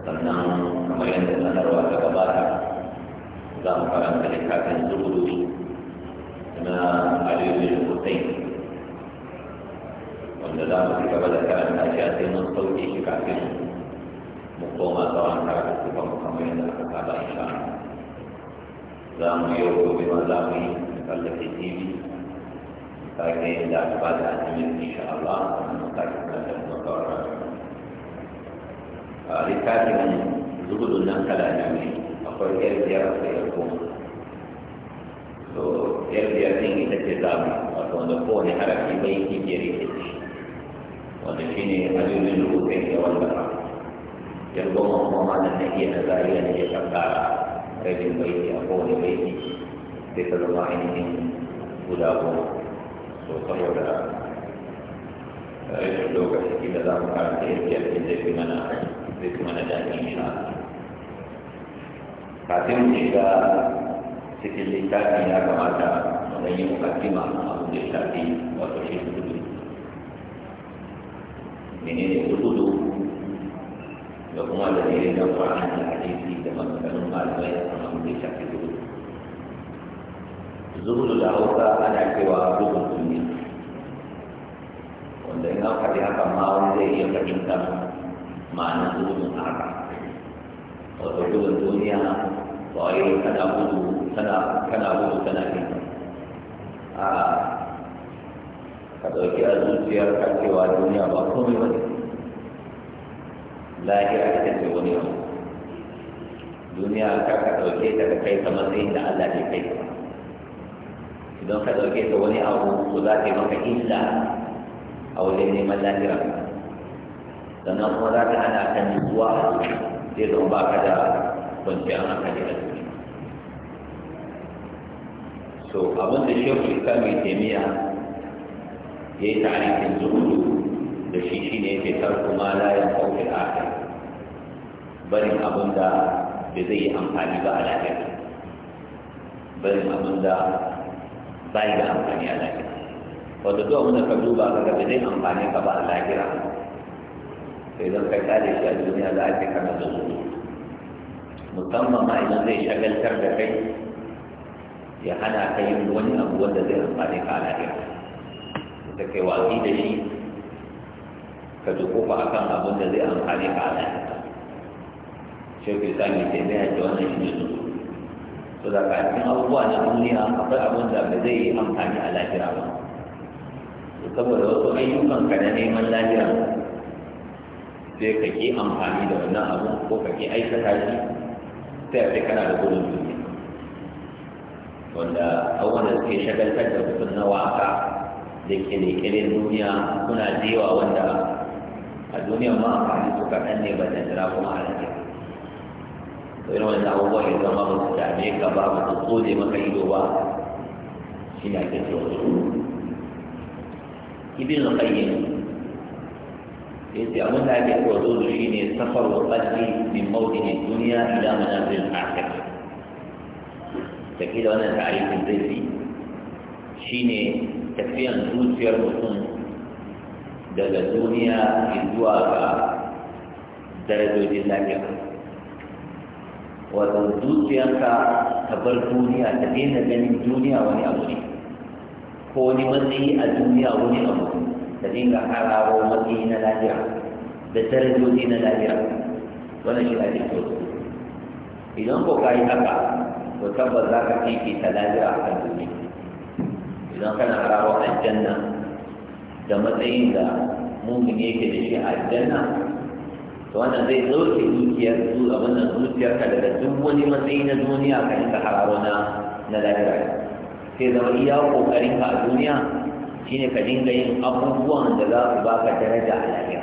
sannan kamar yadda sanarwa ta gabata za mu karanta littafin na wanda za mu da karanta a sai mun sauke shi kafin mu koma tsawon karatu kuma mu kamar yadda aka saba insha za mu yau gobe ma mu yi kallafi tv فإذا إذا أتبعت أتمنى إن شاء الله نقرر لكم وقرر لكاتب زبد النقل أمامي أقول إيه زيارة سيكون so yar biyar din ita ce zamu wato wanda kowane harafi bai yi biyar yake ci shi ne halimin rubutun ya wallaka yar goma kuma malam na iya nazari na iya kankara rabin baiti a kowane baiti sai ta zama ainihin guda goma to saboda rashin eh, lokaci kila za mu karanta yadda yake zai fi mana zai fi mana daɗi insha kafin mu shiga cikin littafi ya kamata mu ɗan yi mukaddima abin da ya shafi wato shi hudu menene hudu da kuma da ne da Qur'ani da malamai a da zuhudu da hausa ana cewa zuhun duniya wanda ina faɗi haka ma wani zai iya fahimta ma'ana zuhudun haka wato gudun duniya ba wai kana gudu kana kana gudu kana bin a ka ɗauki a zuciyar ka cewa duniya ba komai ba ne lahira ita ce wani ba. duniya ka ka ɗauke ta kai kamar sai da Allah ne kai don ka dauke ta wani abu ko za ta yi maka illa a wajen neman lafiya. sannan kuma za ta hana ka nutsuwa zai zama ba ka da kwanciyar hankali da duniya so abin da shehu islam mai taimiya ya yi tarihin zuhudu da shi shi ne ke tarko ma layan kawai akai barin abin da bai zai yi amfani ba a lahira barin abin da bai da amfani a lahira wato duk wanda ka duba ka ga zai amfani ka ba a lahira sai zan kai kare shi a duniya za a ce kana da zuwa musamman ma idan zai shagaltar da kai ya hana ka yin wani abu wanda zai amfani ka a lahira da kai watsi da shi ka dukufa a kan abin da zai amfani ka a lahira Shekaru sami taimiyar da wannan shi ne zuwa to da ka cikin abubuwa na duniya akwai abin da ba zai yi amfani a lahira ba to saboda wasu ayyukan ka na neman lahira sai ka ke amfani da wannan abu ko ka ke aikata shi sai a ce kana da gudun duniya wanda abubuwan da suke shagaltar da mutum na waka da ke leƙirin duniya suna jewa wanda a duniyar ma amfani su kaɗan ne ba da jira kuma a rage to irin wani abubuwan ya zama ba قود مقيدوبا إلى كثير ابن القيم يدعو ذلك الوضوء شين السفر والقتل من موطن الدنيا إلى منازل الآخرة تكيد أنا تعريف الزيفي شين تكفي أن تكون في المصن دل الدنيا في الدواقة درجة الدنيا وتنزل في أنك ta bar duniya ta daina ganin duniya wani abu ne ko wani matsayi a duniya wani abu ta dinga hararo matsayi na lafiya da darajoji na lafiya wannan shi ake so idan ko ka yi haka to tabbas za ka ta lafiya a kan duniya idan kana hararo aljanna da matsayin da mumin yake da shi a aljanna wannan zai ɗauke dukiyar su a wannan zuciyar ka daga duk wani matsayi na duniya ka rinka hararo na na lahira sai zama iya kokarin ka a duniya shine ka dinga yin abubuwan da za su ka daraja a lafiya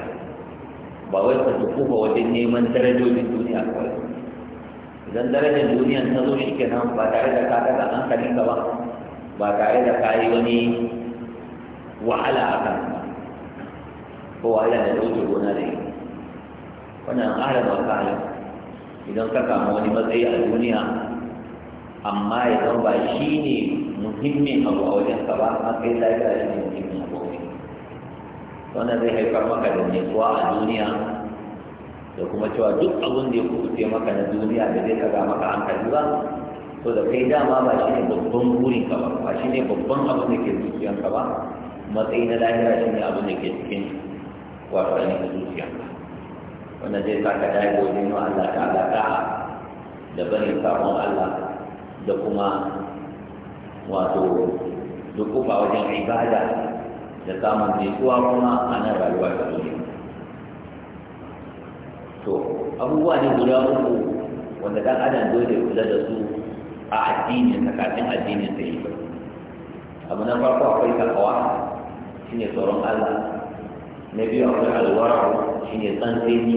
ba wai ka ba wajen neman darajojin duniya kawai idan darajar duniya ta zo shi kenan ba tare da ka daga hankalin ka ba ba tare da ka yi wani wahala a kan ko wahala da ɗauke gona da ita wannan ala ba kala idan ka kama wani matsayi a duniya amma ya zama ba shi ne muhimmin abu a wajen ka ba a kai ka shi ne muhimmin abu a wajen zai haifar maka da nutsuwa a duniya da kuma cewa duk abin da ya kuɓuce maka na duniya da zai kaga maka hankali ba to da kai dama ba shi ne babban burin ka ba ba shi ne babban abin da ke zuciyanka ba matsayi na lahira shi ne abin da ke cikin wato ainihin zuciyanka wanda zai sa ka dage wajen yi Allah ta alaka da barin samun Allah da kuma wato dukufa wajen ibada da samun jituwa kuma a nan rayuwa ta duniya to abubuwa ne guda uku wanda ɗan adam dole kula da su a addini ta kafin addinin ta yi abu na farko akwai takawa shine tsoron Allah na biyu akwai alwara shi ne tsantsini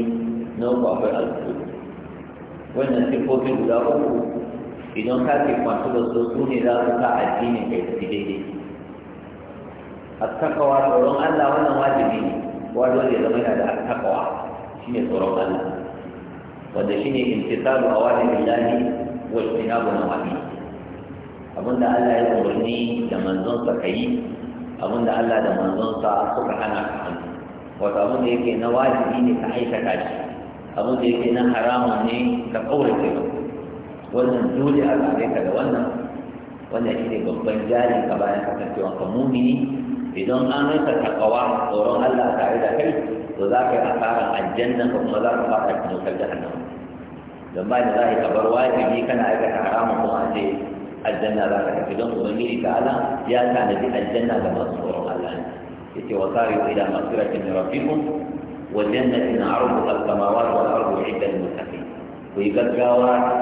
na uku akwai alfu wannan sifofin guda uku idan ka ke kwanci da su su ne za su sa addinin kai su daidai a takawa tsoron allah wannan wajibi ne wajen da zama yana da takawa shi ne tsoron allah wanda shi ne imtisalu a wajen billahi wa istinabu na wani abinda allah ya umarni da manzon sa kai abinda allah da manzon sa suka hana ka wato abin da yake na wajibi ne ka aikata shi abin da yake na haramun ne ka ƙaurace ba wannan dole a zaɓe ka da wannan wannan shi ne babban jari ka bayan kasancewa ka mumini idan an rasa takawa tsoron Allah tare da kai to za ka yi asarar aljanna ka kuma za ka fara cikin wutar hannu? don ba da za ka bar wajibi kana aikata haramun kuma a ce aljanna za ka tafi don ubangiji ta ala ya tanadi aljanna ga masu tsoron Allah التي وصارت إلى مصيرة ربكم والجنة عرضها السماوات والأرض عند المتقين ويقد قاوات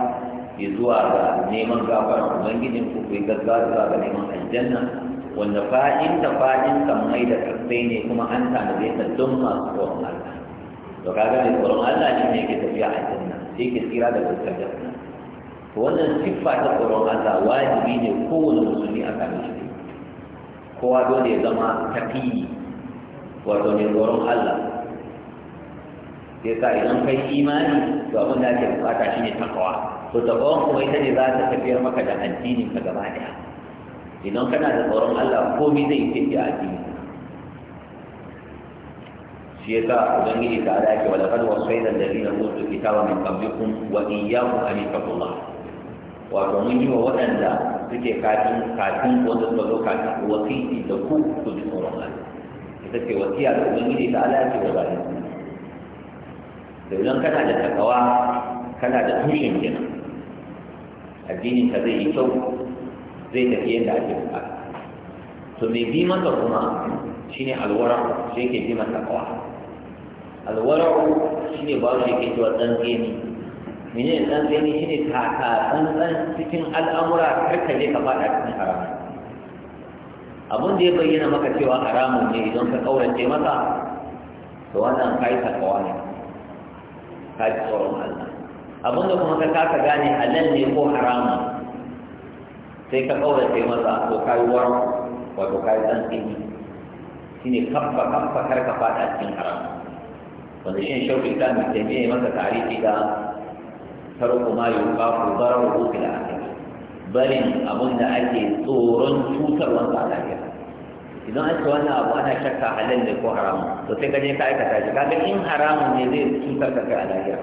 يزوار نيمان قابر ومنجد انفق ويقد نيمان الجنة والنفائن تفائن سميدة تقتيني كما أنت مزيدة الدمى وهم الله وكذا القرآن لا يمكن أن تبيع الجنة في كثيرة تتجدنا وأن صفة القرآن واجبين كون المسلمين أكثر kowa dole ya zama tafiyi wato ne tsoron Allah yasa idan kai imani to abin da ake bukata shi ne takawa to takawan kuma ita ne za ta tafiyar maka da addinin ka gaba daya idan kana da tsoron Allah komai zai tafi a addinin shi yasa ubangiji ta ala ke walaqad wasayna alladhina utul kitaba min qablikum wa iyyakum an ittaqullah wato mun yi wa waɗanda suke kafin kafin wanda suka zo kafin wasiti da ku su ji tsoron Allah ita ce wasiya da ubangiji ta Allah ce da bayan da idan kana da takawa kana da tushen gina, addinin ka zai yi kyau zai tafi yadda ake bukata to mai bi maka kuma shine alwara shi yake bi maka kawa alwara shine ba shi yake cewa dan gini. mene ne dan gani shine dan dan cikin al'amura karka ka je ka fada cikin haram abun da ya bayyana maka cewa haramun ne idan ka kaurace masa to wannan kai takawa kawai ka ji tsoron Allah abun da kuma ka kasa gane halal ne ko haramun sai ka kaurace masa to kai war wato kai tsantsini shine kaffa kaffa kar ka fada cikin haram wanda shin shauƙi ta mai taimiyya masa tarihi da tarko ma yi ba ku zarar da aka akhir barin abin da ake tsoron cutarwa a lahira idan an ce wannan abu ana shakka halal ne ko haramun to sai ka je ka aikata shi kaga in haramun ne zai cutar da kai a lahira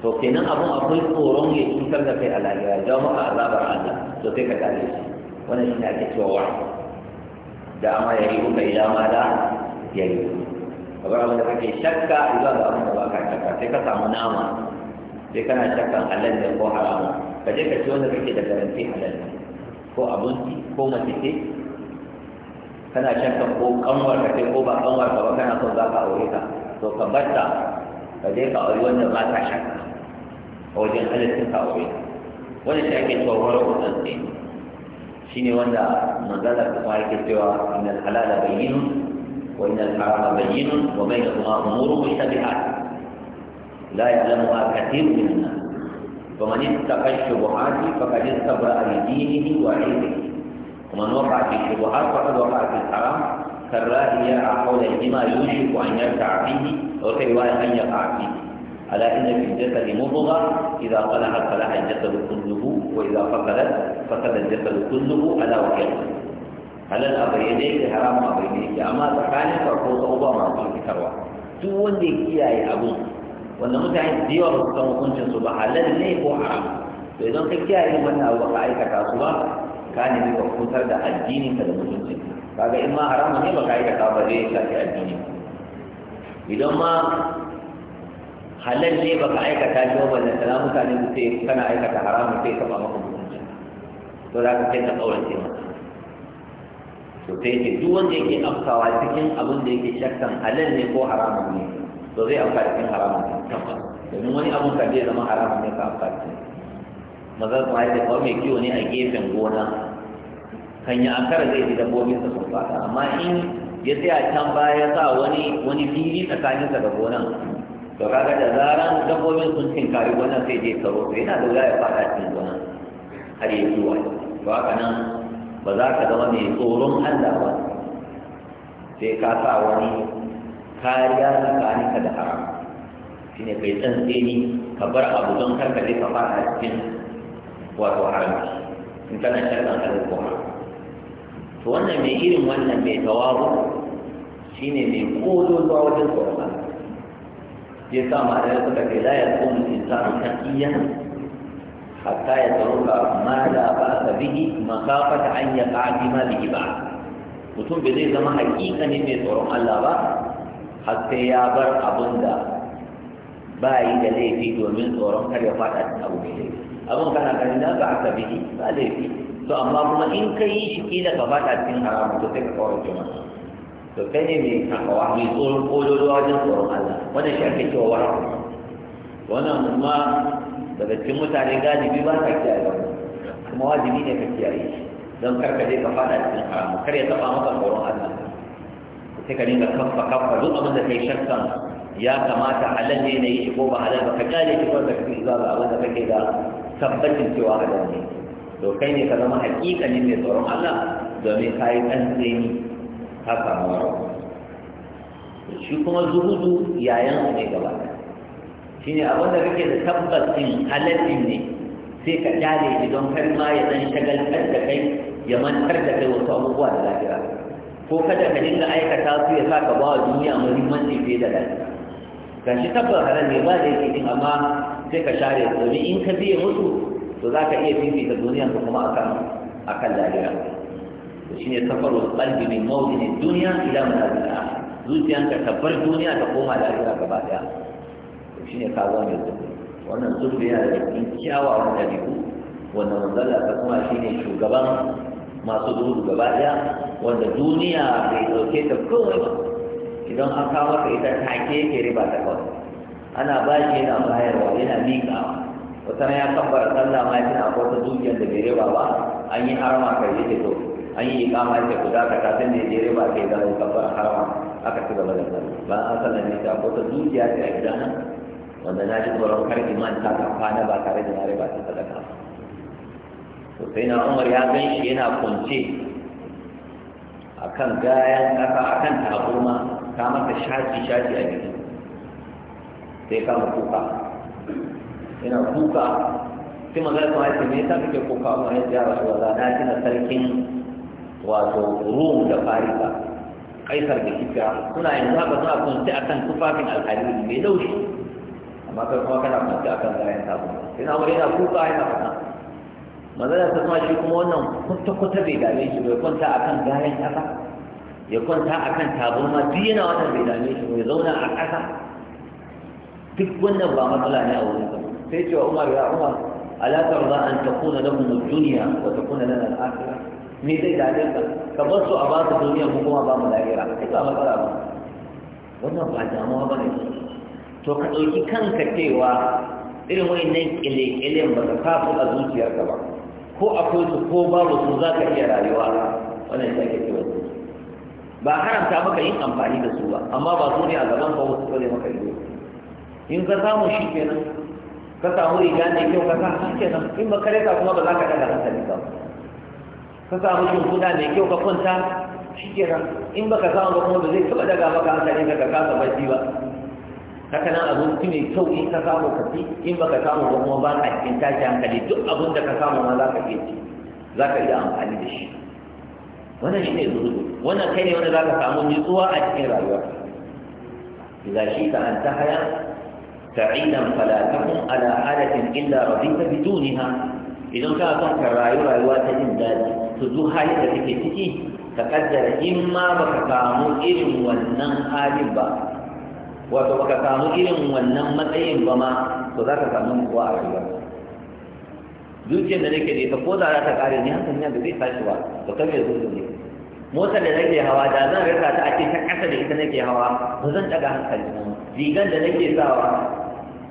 to kenan abun akwai tsoron ya cutar da kai a lahira ja maka azabar Allah to sai ka kare shi wannan shine ake cewa wa da amma ya yi kuka ila ma da ya yi kabar abin da kake shakka zuwa ga abin da ba ka shakka sai ka samu nama sai kana shakkan halal ne ko haramun ka je ka ci wanda kake da garanti halal ne ko abinci ko mace kana shakkan ko kanwar ka ko ba kanwar ka ba kana son za ka aure ka to ka batta ka je ka aure wanda ba ta shakka a wajen halittun ka aure ka wanda shi ake tsohuwar kusan tsaye shi ne wanda manzala ta kuma yake cewa inal halala bayyinun wa inal harama bayyinun wa bai da kuma umuru mushtabihat لا يعلمها كثير من الناس فمن اتقى الشبهات فقد استبرأ لدينه وعلمه ومن وقع في الشبهات فقد وقع في الحرام كالراهي يرعى حول الدماء يوشك أن يرتع فيه وكيف أن يقع فيه ألا إن في الجسد مضغة إذا صلحت صلح الجسد كله وإذا فقدت فقد الجسد كله ألا وهي على الأمر يديك حرام ما يديك أما تخالف فرقوص أبا ما في ثروة تولي دي كياي ابوك wanda mutane da yawa ba su san hukuncin su ba halal ne ko haram to idan ka kiyaye wannan abu ka aikata su ba ka nemi ka kutar da addinin ka da mutuncin kaga in ma haram ne ba ka aikata ba zai shafi addini idan ma halal ne ba ka aikata shi ba da sana mutane su ce kana aikata haram sai ka ba maka mutuncin to za ka kai ka kaurace maka to sai ce duk wanda yake afkawa cikin abin da yake shakkan halal ne ko haramun ne to zai amfani cikin haramun ne domin wani abun ka zai zama haramun ne ka amfani cikin maza kuma ya kawai mai kiwo ne a gefen gona kan yi ankara zai ji dabbobin sa sun fata amma in ya tsaya can baya ya sa wani wani fili tsakanin sa da gonan to kaga da zaran dabbobin sun tinkari gonan sai je karo to yana da ya fada cikin gonan har ya zuwa to haka nan ba za ka zama mai tsoron Allah ba sai ka sa wani kariya tsakaninka da haram shi ne kai ni ka bar abu don karka je ka fara cikin wato haramci in kana shakkan ka ko to wannan mai irin wannan mai tawabu shine mai zuwa wajen tsoron ya sa ya suka ce la ya tsohon kan iya hatta ya ka ma da ba ka bihi makafata an ya ƙafi ma bihi ba mutum bai zai zama hakika ne mai tsoron Allah ba har sai ya bar abin da ba yi da laifi domin tsoron kar ya faɗa a abu laifi abin kana ganin na ba ka bihi ba laifi to amma kuma in ka yi shi kila ka faɗa cikin haramu to sai ka ke mana to kai ne mai takawa mai tsoron kololo wajen tsoron Allah wanda shi ake cewa wara wannan ma daga cikin mutane galibi ba ka kiyaye ba kuma wajibi ne ka kiyaye don kar ka je ka faɗa cikin haramu kar ya taɓa maka tsoron Allah sai ka dinga kafa kafa duk abin da kai shakkan ya kamata halal ne na yi shi ko ba halal ba ka kyale shi ko ka fi zuwa ga abin da kake da tabbacin cewa halal ne to kai ne ka zama hakikanin mai tsoron Allah domin ka yi ɗan tsini ka samu rawa shi kuma zuhudu yayan su ne gaba shi ne abin da kake da tabbacin halalin ne sai ka kyale shi don kar ma ya zan shagaltar da kai ya mantar da kai wasu abubuwa da lafiya ko kada ka dinga aikata su ya sa ka ba wa duniya muhimmanci fiye da lafiya ga shi tabbar haram ne ba da yake din amma sai ka share domin in ka biye musu to za ka iya fifita duniya ka kuma akan akan lahira to shine wa qalbi min mawdin duniya ila manazil akhirah zuciyanka ta bar duniya ta koma lahira gaba daya to shi ne kawo ne wannan zurbi yana da cikin kyawawan dabi'u wannan wanzala ta kuma shi ne shugaban masu gudu gaba ɗaya wanda duniya bai ɗauke ta kawai ba idan an kawo maka ita take ke riba ta kawai ana bashi yana bayarwa yana miƙawa wata ya kabbara sallah ma yana akwai wata dukiyar da bai riba ba an yi harama kai yake to an yi iƙama yake guda ka kafin da ya riba kai zama kabbara harama aka ci gaba da sallah ba an sallah ne ta akwai wata dukiya ta a wanda na ji tsoron kar iman ta kafa na ba tare da na riba ta sadaka ba to sai na umar ya gan shi yana kwance a kan gayan ƙasa a kan taburma ta masa shaji-shaji a jiki sai kama kuka yana kuka sai magana kuma yake me yasa kake kuka kuma ya ji rasu wala na tuna sarkin wato rum da farisa kaisar da kika suna yanzu haka suna kwance a kan tufafin alhalili mai laushi amma kai kuma kana kwance a kan gayan taburma sai na umar yana kuka yana fata manzala ta kuma shi kuma wannan kwata-kwata bai dame shi bai kwanta a kan gayan ƙasa ya kwanta a kan tabarma duk yana wannan bai dame shi bai zauna a ƙasa duk wannan ba matsala ne a wurin sa sai cewa umar ya umar alaƙar tarda an takuna lahum ad-dunya wa takuna lana al-akhirah ne zai dame ka ka bar su a ba su duniya mu kuma ba mu lahira kai ba matsala ba wannan ba damuwa ba ne to ka ɗauki kanka cewa irin wa'annan ƙile-ƙilen ba ka kafa a zuciyarka ba ko akwai su ko babu su za ka iya rayuwa wannan shi ake cewa ba haramta maka yin amfani da su ba amma ba su ne a gaban ka wasu ne maka yi in ka samu shi kenan ka samu riga ne kyau ka sa shi kenan in ba kare ka kuma ba za ka daga hankali ba ka samu shimfiɗa ne kyau ka kwanta shi kenan in ba ka samu ba kuma ba zai taɓa daga maka hankali ka ka kasa barci ba haka nan abinci mai kyau in ka samu ka ci in baka samu ba kuma ba ka cikin tashi hankali duk abin da ka samu ma za ka iya ci za ka iya amfani da shi wannan shi ne zuhudu wannan kai ne wanda za ka samu nutsuwa a cikin rayuwa إذا شئت أن تحيا سعيدا فلا تكن على حالة إلا رضيت بدونها إذا كان تنك الرأي رأيوات الإمداد تزو حالة تكتكي تقدر إما بك تعمل irin wannan حال ba. wato baka samu irin wannan matsayin ba ma to za ka samu kowa a rayuwa zuciyar da nake da ita ko za ta kare ni hankali na da zai tashi ba to kan me zuciya ne motar da nake hawa da zan rasa ta a ce ta ƙasa da ita nake hawa ba zan daga hankali na rigan da nake sawa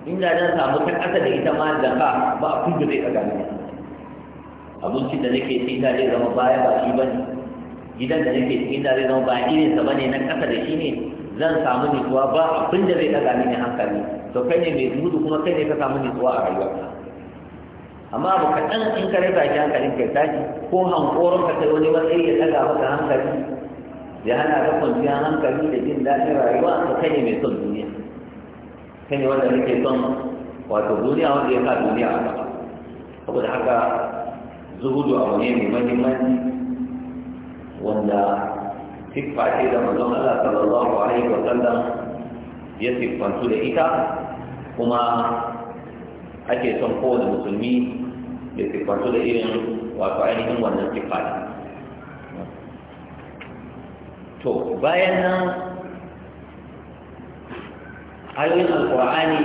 inda zan samu ta ƙasa da ita ma da ka ba a kundu zai daga ni abincin da nake ci ta zai zama baya ba shi ba ne gidan da nake cikin da zai zama ba irinsa ba ne na ƙasa da shi ne zan samu nutsuwa ba abin da zai daga mini hankali to kai ne mai gudu kuma kai ne ka samu nutsuwa a rayuwa amma abu kaɗan in ka rasa shi hankalin kai tashi ko hankoron ka kai wani matsayi ya daga maka hankali ya hana ka kwanciya hankali da jin daɗin rayuwa to kai ne mai son duniya kai ne wanda nake son wato duniya wanda ya sa duniya a gaba saboda haka zuhudu abu ne mai mahimmanci wanda siffa ce da manzon Allah sallallahu alaihi wa sallam ya siffantu da ita kuma ake son kowane musulmi ya siffantu da irin wato ainihin wannan siffa ne to bayan nan ayoyin alkur'ani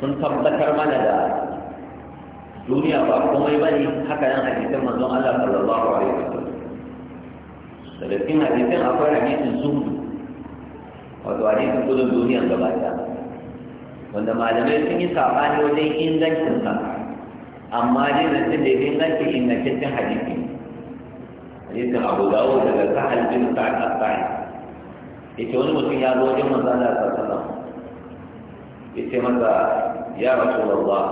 sun tabbatar mana da duniya ba komai bane haka nan hadisin manzon Allah sallallahu alaihi wa sallam سلفی حدیث أقول اپر حدیث زہد اور تو حدیث کو دو دنیا کا بات ہے وہ نہ معلوم ہے کہ صاحب نے وہ دیکھ ان لگ سکتا اما جی نے سے دیکھیں گا کہ ان کے سے حدیث ہے یہ کہ ابو داؤد نے کہا ہے بن تا اتا ہے یہ جو نے مجھے یاد ہو جو مزاد اتا تھا یہ سے مزاد یا رسول اللہ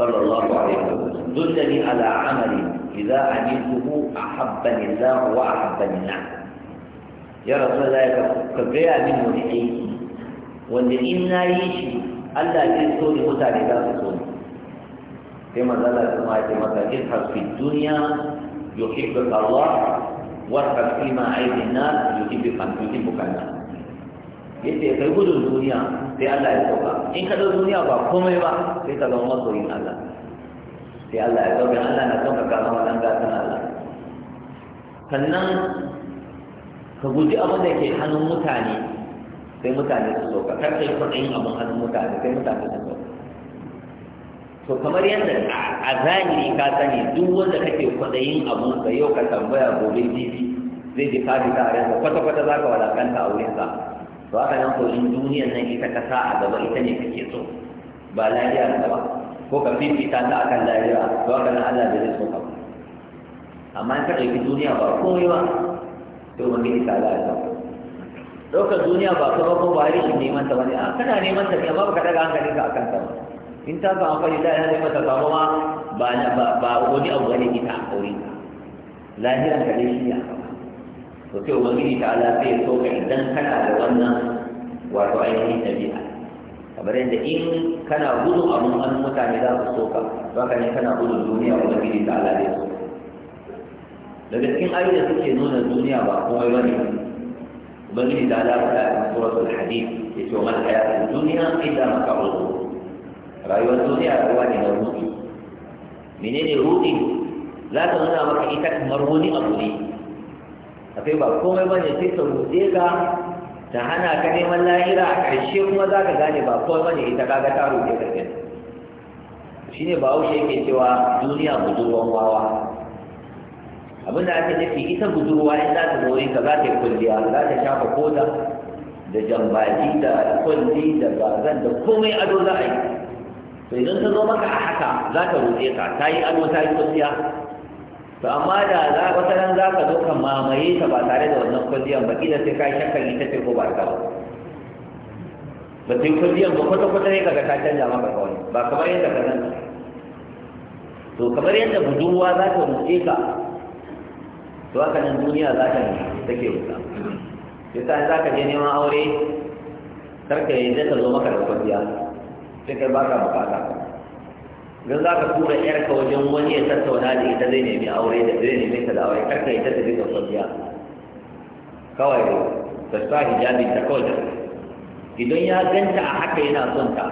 صلی اللہ علیہ وسلم دلنی علی عملی idza amiltuhu ahabbani Allah wa ahabbani Allah ya rasulullah ka ka gaya min wani aiki wanda in yi shi Allah zai so ni mutane za su so ni sai manzala kuma ya ce masa izhar fi dunya yuhibbuka Allah kai gudun duniya sai Allah ya sauka in ka dau duniya ba komai ba sai ka zama masoyin Allah sai Allah ya zaune Allah na son ka kama wannan gatan Allah sannan ka guji abin da ke hannun mutane sai mutane su so ka karka yi kwaɗayin abin hannun mutane sai mutane su so to kamar yadda a zahiri ka sani duk wanda kake kwaɗayin abin ka yau ka tambaya gobe jibi zai ji fadi ta a kwata-kwata za ka wadakanta a wurinsa to haka nan ko in duniyan nan ita ka sa a gaba ita ne kake so ba lafiya da ba ko ka fifita ta akan lahira to haka na Allah da zai so ka amma in ka ɗauki duniya ba komai ba to ubangiji ta Allah ya sauka ɗaukar duniya ba kuma ko ba rikin neman ta bane a kana neman ta ne amma baka daga hankali ka akan ta in ta samu amfani da yana neman ta ba na ba ba wani abu ne ki a kauri ka lahiran ka ne shi ya to sai ubangiji ta Allah sai ya so idan kana da wannan wato ainihin tabi'a kamar yadda in kana gudun abin hannun mutane za su ka to haka ne kana gudun duniya wani ubangiji ta ala zai so. daga cikin ayi da suke nuna duniya ba komai bane ubangiji ta ala sun a ya ce hadid yace wa Duniya hayatud dunya illa mata'ul rayuwar duniya rayuwa ne na ruɗi menene ruɗi za ta nuna maka ita kamar wani abu ne akwai ba komai ba ne sai ka ruɗe ka ta hana ka neman lahira a ƙarshe kuma za ka gane ba kowai bane ita kaga ta karfe shi ne ba bahaushe yake cewa duniya budurwan wawa abin da ake nufi ita budurwa in za ta zo ka za ta yi kulliya za ta shafa koda da jambaji da kulli da bazan da komai ado za a yi to idan ta zo maka a haka za ta roƙe ka ta yi ado ta yi kulliya to amma da za wata nan za ka zo ka mamaye ta ba tare da wannan kwalliyar ba kila sai ka shakkan ita ce ko ba ta ba ba sai kwalliyar ba kwata-kwata ne kaga ta canja maka kawai ba kamar yadda ka zanta to kamar yadda budurwa za ta rufe ka to haka nan duniya za ta take wuta ta za ka je neman aure karka yanzu ta zo maka da kwalliya sai kai ba ka bukata don za ka tura yarka wajen wani ya tattauna da ita zai nemi aure da zai nemi ta da aure karka ita ta bisa sabiya kawai ta sa hijabi ta kawai idan ya ganta a haka yana son ta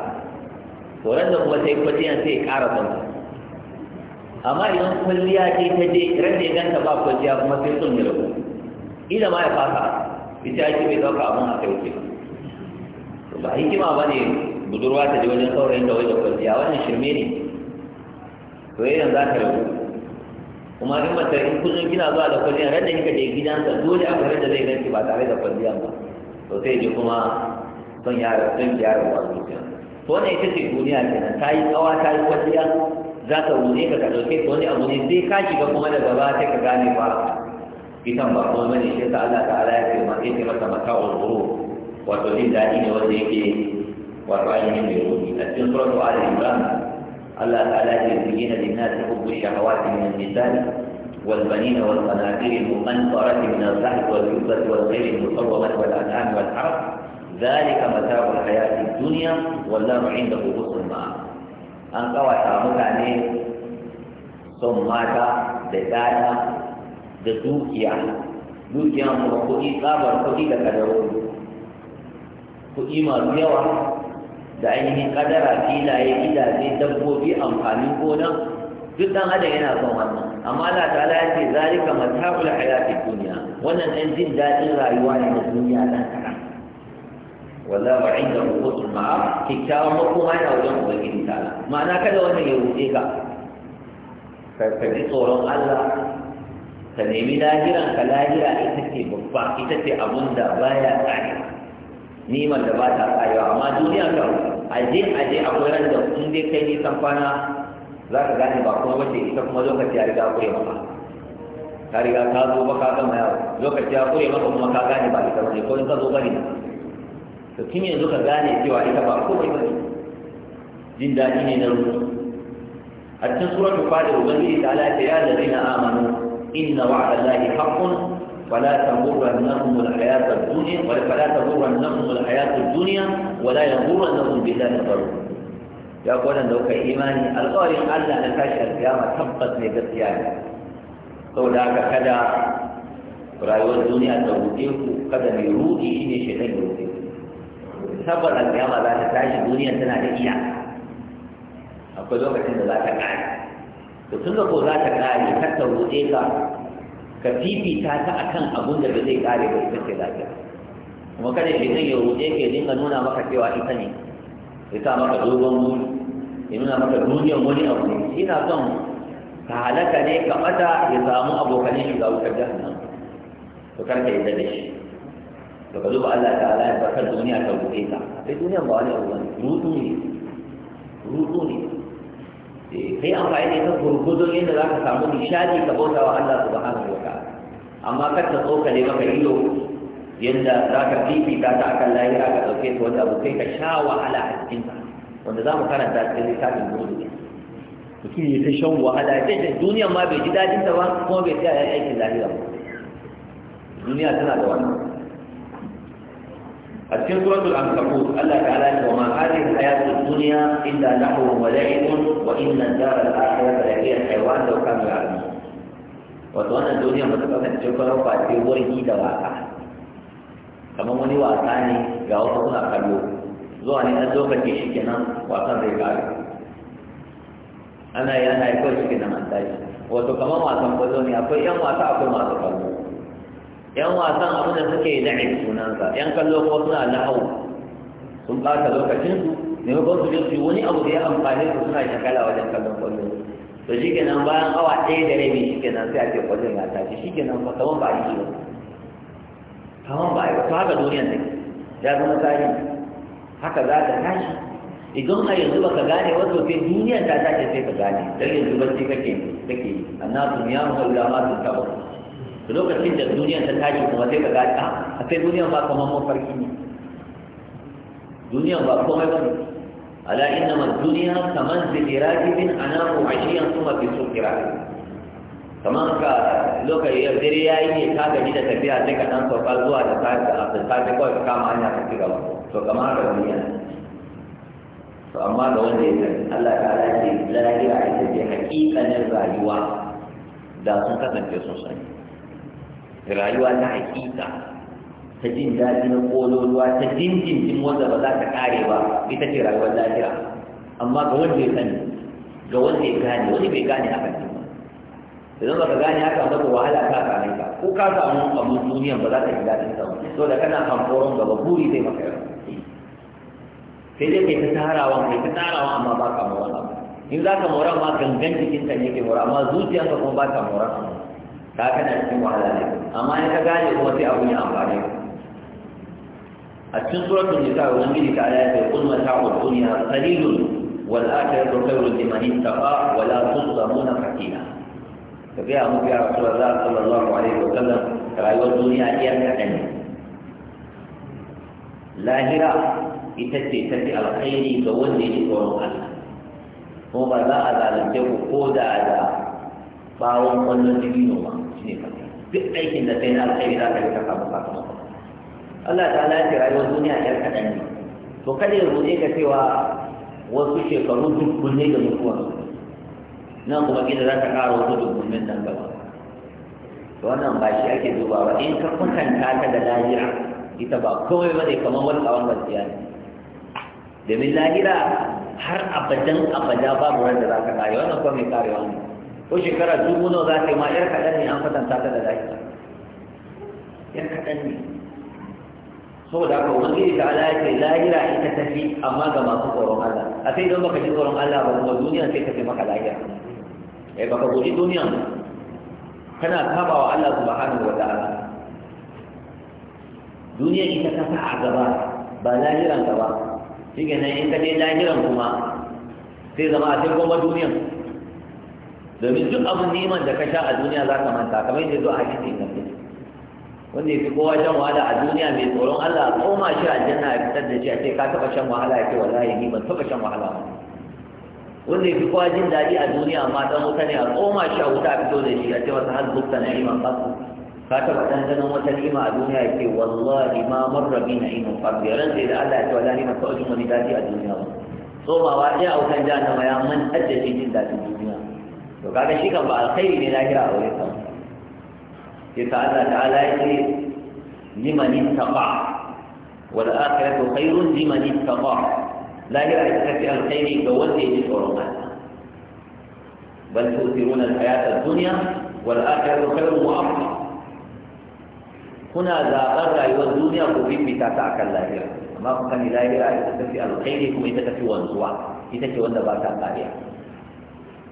horar da kuma sai kwaciya sai ya ƙara son ta amma idan kwalliya ce ta je ran da ganta ba kwaciya kuma sai son ya rabu Ina ma ya fasa ita ya ce bai ɗauka abin haka yake ba hikima ba ne budurwa ta je wajen saurayin da wajen kwanciya wannan shirme ne yi yanzu aka rabu kuma in mace in kullum kina zuwa da kwalliya ran da kika je gidansa dole a kare da zai ganki ba tare da kwalliya ba to sai ji kuma son yara son yara ba zuciya to wannan ita ce duniya nan ta yi tsawa ta yi kwalliya za ka rune ka ka ɗauke to wani abu ne sai ka shiga kuma da gaba sai ka gane ba kitan ba kuma bane shi ta Allah ta'ala ya ce ma yake masa mata'ul ghurur wato jin daɗi ne wanda yake wato ainihin mai ruhi a cikin suratul ali imran الله تعالى يزين للناس حب الشهوات من النساء والبنين والقناطير المقنطرة من الذهب والفضة والخير المسومة والأنعام والحرث ذلك متاع الحياة الدنيا والله عنده حسن المآب أنت قوى متعني son mata da ɗaya da dukiya dukiya kuma kuɗi tsabar kuɗi da ainihin kadara filaye gidaje dabbobi amfanin gona duk dan adam yana son wannan amma Allah ta'ala ya ce zalika mata'ul hayati dunya wannan dan jin dadin rayuwa ne na duniya dan kadan wallahi wa inda hukutul ma'a kikkiawan makoma yana wajen ubangiji ta'ala ma'ana kada wannan ya rufe ka ka ji tsoron Allah ka nemi lahiran ka lahira ita ce babba ita ce abun da baya tsare ni'imar da ba ta karewa amma duniya kan aje aje akwai ran da in dai kai nisan kwana za ka gane ba kuma bace ita kuma lokaci ya riga kure maka ka riga ka zo ba ka gama yawo lokaci ya kure maka kuma ka gane ba ita bane ko in ka zo bari ne to tun yanzu ka gane cewa ita ba komai bane jin daɗi ne na ruwa a cikin suratul fadil ubangiji ta ala ta ya ladina amanu inna wa'da allahi haqqun فلا تغرنهم الحياة الدنيا فلا تغرنهم الحياة الدنيا ولا يغرنهم بالله الغرور يا أخوانا لو كان إيماني الغارق ألا نكاشف القيامة تبقت من القيامة قول يعني. لك كذا رأيوا الدنيا تغرقك كذا روحي إن الشيطان يغرقك القيامة لا نكاشف الدنيا تنال إياه أقول لك أنت لا تكاشف تصدقوا لا تكاشف تكتبوا إيه ka fifita ta a kan abun da ba zai kare ba ita ce lafiya kuma kada shi zai ya ruje ke dinga nuna maka cewa ita ne ya sa maka dogon wuri ya nuna maka duniyar wani abu ne shi na son ka halaka ne ka mata ya samu abokanin shiga wutar jahannam to karka yi da shi to ka duba Allah ta ta'ala ya bakar duniya ta rufe ta sai duniya ba wani abu ne rudu ne rudu ne eh, kai amfani da ita gurgudun yadda za ka samu nishadi ka bauta wa Allah subhanahu wa ta'ala amma kar tsoka ne maka ido yanda za ka fifi ta ta akan lahira ka ɗauke ta wani abu kai ka sha wahala a cikin ta wanda za mu karanta cikin littafin gudu ne mutum ya ta shan wahala ya ce duniyan ma bai ji daɗin ta ba kuma bai tsaya yan aikin lahira ba duniya tana da wani a cikin suratul ankabut Allah ta ala wa ma hadhihi hayatu dunya illa lahu wa la'ibun wa inna ad-dara al-akhirata la hiya al-hayawan law kanu ya'lamun wato wannan duniya ba ta kasance kuma ba sai warki da wasa kamar wani wasa ne ga wasu suna kallo zuwa ne ɗan lokaci shi kenan wasan zai kare ana yi ana yi kawai shi kenan an tashi wato kamar wasan kwallo ne akwai yan wasa akwai masu kallo yan wasan abin da suke yi na'ib sunansa yan kallo kuma suna lahau sun ɓata lokacinsu ne ko su je su yi wani abu da ya amfani su suna shakala wajen kallon kwallo to shi nan bayan awa ɗaya da rabi shi nan sai ake ce kwallon ya tashi shi ke ba kaman ba a yi ba kaman ba yi ba to haka duniyan ne ya zama tashi. haka za ta tashi idan a yanzu ba ka gane wato sai duniya ta tashi sai ka gane dan yanzu ba sai kake kake annasu ya mu Allah ma ta ba lokacin da duniya ta tashi kuma sai ka gane ah, a sai duniya ba kaman mafarki ne duniya ba komai ba ne ala inna man duniya kaman zidirajibin anamu ashiyan kuma fi sukira kamar ka lokaci ya dare ya yi ne ka gani da tafiya sai ka dan sauka zuwa da safe da safe kawai ka kama hanya ka ci gaba to kamar haka duniya to amma ga wanda ya sani Allah ta ala ce lahira ita ce hakikanin rayuwa da sun kasance sosai, sani rayuwa ta hakika ta jin daɗi na ƙololuwa ta jinjin wanda ba za ta ƙare ba ita ce rayuwar lafiya amma ga wanda ya sani ga wanda ya gane wani bai gane haka ne idan baka gane haka maka wahala ka same ka ko ka samu abu duniyan ba za ka ji daɗin sa so da kana hankoron gaba buri zai maka yau sai dai kai ta tarawa kai ta tarawa amma ba ka mora ba in za ka mora ma gangan jikin ka ne ke mora amma zuciyarka kuma ba ka mora ka kana cikin wahala ne amma in ka gane kuma sai abu ya amfani ka a cikin suratul nisa ubangiji ta ala ya ce qul mata'ud dunya qalilun wal akhiratu khairun liman ittaqa wa la tuzlamuna fatila ka ga mu ga rasulullah sallallahu alaihi wa sallam rayuwar alkhairi ga wanda ya tsoron Allah kuma ba za a zalunce ku ko da da bawon kwallon dabino ba shi ne duk aikin da kai na alkhairi za ka yi ta samu sakamako Allah ta ala ce rayuwar duniya yar kaɗan ne to kada ya ruɗe ka cewa wasu shekaru dubbun ne da mutuwar nan kuma gida za ta ƙara wasu dubbunin nan gaba wannan ba shi ake dubawa in ka kwatanta ka da lahira ita ba komai ne kamar walƙawan gaskiya ne domin lahira har abadan abada babu wanda za ka kare wannan kuma mai karewa ne ko shekara dubu nawa za ka yi ma yar kaɗan ne an kwatanta ka da lahira Ƴar kaɗan ne saboda haka ubangiji ta ala ce lahira ita tafi amma ga masu tsoron Allah a sai idan baka ji tsoron Allah ba kuma duniya sai ka fi maka lahira eh baka guji duniya kana saba wa Allah subhanahu wa ta'ala duniya ita ta sa a gaba ba lahiran gaba shi ke nan in ka je lahiran kuma sai zama a cikin goma duniya? domin duk abin neman da ka sha a duniya za ka manta kamar yadda zuwa hadisi wanda ya fi kowa shan wahala a duniya mai tsoron Allah koma shi a janna ya fitar da shi a ce ka taɓa shan wahala ya ce wallahi ni ban taɓa shan wahala ba wanda ya fi kowa jin daɗi a duniya amma ɗan wuta ne a koma shi a wuta a fito da shi a ce masa har bukta na iman fasu ka taɓa ɗanɗanon wata ni'ima a duniya ya wallahi ma marra bi na iman fasu ya rantse da Allah ya ce wallahi ban taɓa jin daɗi a duniya ba tsomawa ɗaya a wutan jahannama ya mantar da shi jin daɗin duniya to kaga shi kan ba alkhairi ne lahira a wurin kansa كيف الله تعالى لمن اتقى والآخرة خير لمن اتقى لا يعرف في الخير كوزه للحرمات بل تؤثرون الحياة الدنيا والآخرة خير وأفضل هنا لا قرر أيها الدنيا قبيل بتاتعك الله ما كان لا يعرف في الخير كما يتكفي وانزوا يتكفي وانزوا تاتعك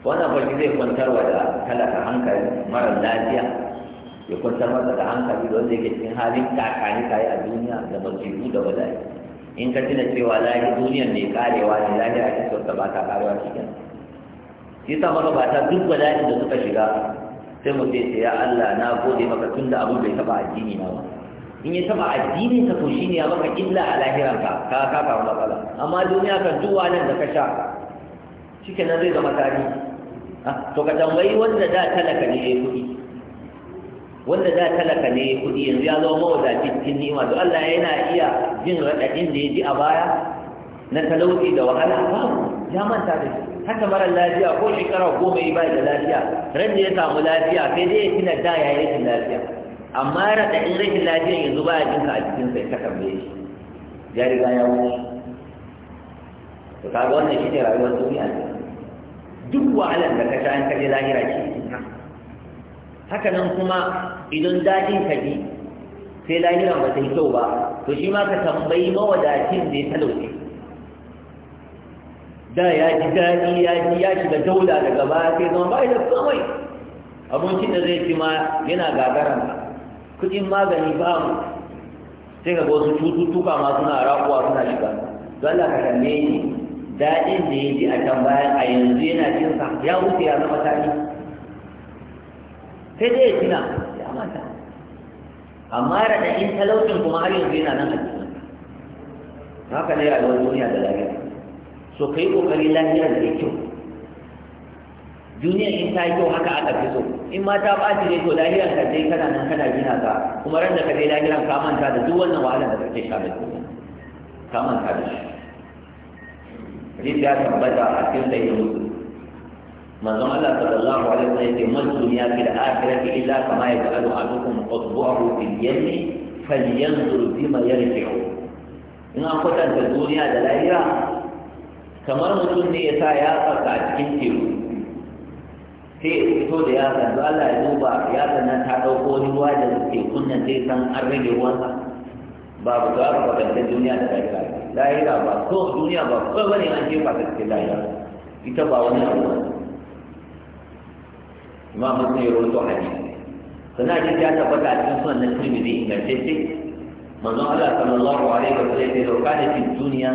وانا فجده من تروى كلا عنك مرة لازية ya kwantar masa da hankali da wanda yake cikin halin kakani yi a duniya da masifu da wadai in ka tuna cewa lahi duniyar ne karewa ne lahi a cikin ta ba ta karewa shi sa shi sa ta duk wadai da suka shiga sai mu sai ya Allah na gode maka tun da abu bai taba addini na ba in ya taba addini ka to shine ya maka illa a lahiran ka ka ka matsala amma duniya kan duwa nan da ka sha shikenan zai zama tarihi ah, to ka tambayi wanda da talaka ne ya kuɗi wanda da talaka ne kuɗi yanzu ya zama mawadaci cikin nima. to Allah yana iya jin raɗaɗin da ya ji a baya na talauci da wahala babu ya manta da shi haka mara lafiya ko shekara goma ya bai da lafiya ran da ya samu lafiya sai dai ya tuna da ya yi rashin lafiya amma raɗaɗin rashin lafiya yanzu ba ya jinka a cikin sai ta kalle shi ya riga ya wuce to kaga wannan shi ne rayuwar duniya duk wahalar da ka sha an kaje lahira ce haka nan kuma idan daɗin ka ji sai lahiran ba ta yi kyau ba to shi ma ka tambayi mawadacin da ya talauce da ya ji daɗi ya ji ya shiga daula daga ba sai zama ba da kawai abincin da zai ci ma yana gagaran kuɗin magani ba mu sai ga wasu cututtuka ma suna rakuwa suna shiga To Allah ka kalle ni daɗin da ya ji a can a yanzu yana sa ya wuce ya zama tani sai dai ya tuna ya mata amma raɗaɗin talaucin kuma har yanzu yana nan a cikin haka ne rayuwar duniya da lafiya so kai kokari lafiyar da kyau duniya in ta yi kyau haka aka fi so in ma ta ɓaci ne to lahiran ka dai kana nan kana gina ka kuma ran da ka dai lahiran ka manta da duk wannan wahalar da kake sha da ka manta da shi hadisi ya tabbata a cikin sahihin muslim manzon Allah sallallahu alaihi wasallam yake mun duniya fil akhirati illa kama yaj'alu ahadukum usbu'ahu fil yammi falyanzur bima yarji'u in an kwatanta duniya da lahira kamar mutum ne ya sa ya tsaka a cikin teku sai ya fito da ya san Allah ya duba ya san ta ɗauko wani ruwa da tekun nan sai san an rage ruwansa babu za ka kwatanta duniya da lahira lahira ba ko duniya ba kawai ne an jefa ta cikin lahira ita ba wani abu ba imam muslim ya rawaito hadisi sannan hadisi ya tabbata a cikin sunan na tirmidhi ingantacce manzon Allah sallallahu alaihi wa sallam ya kana fi duniya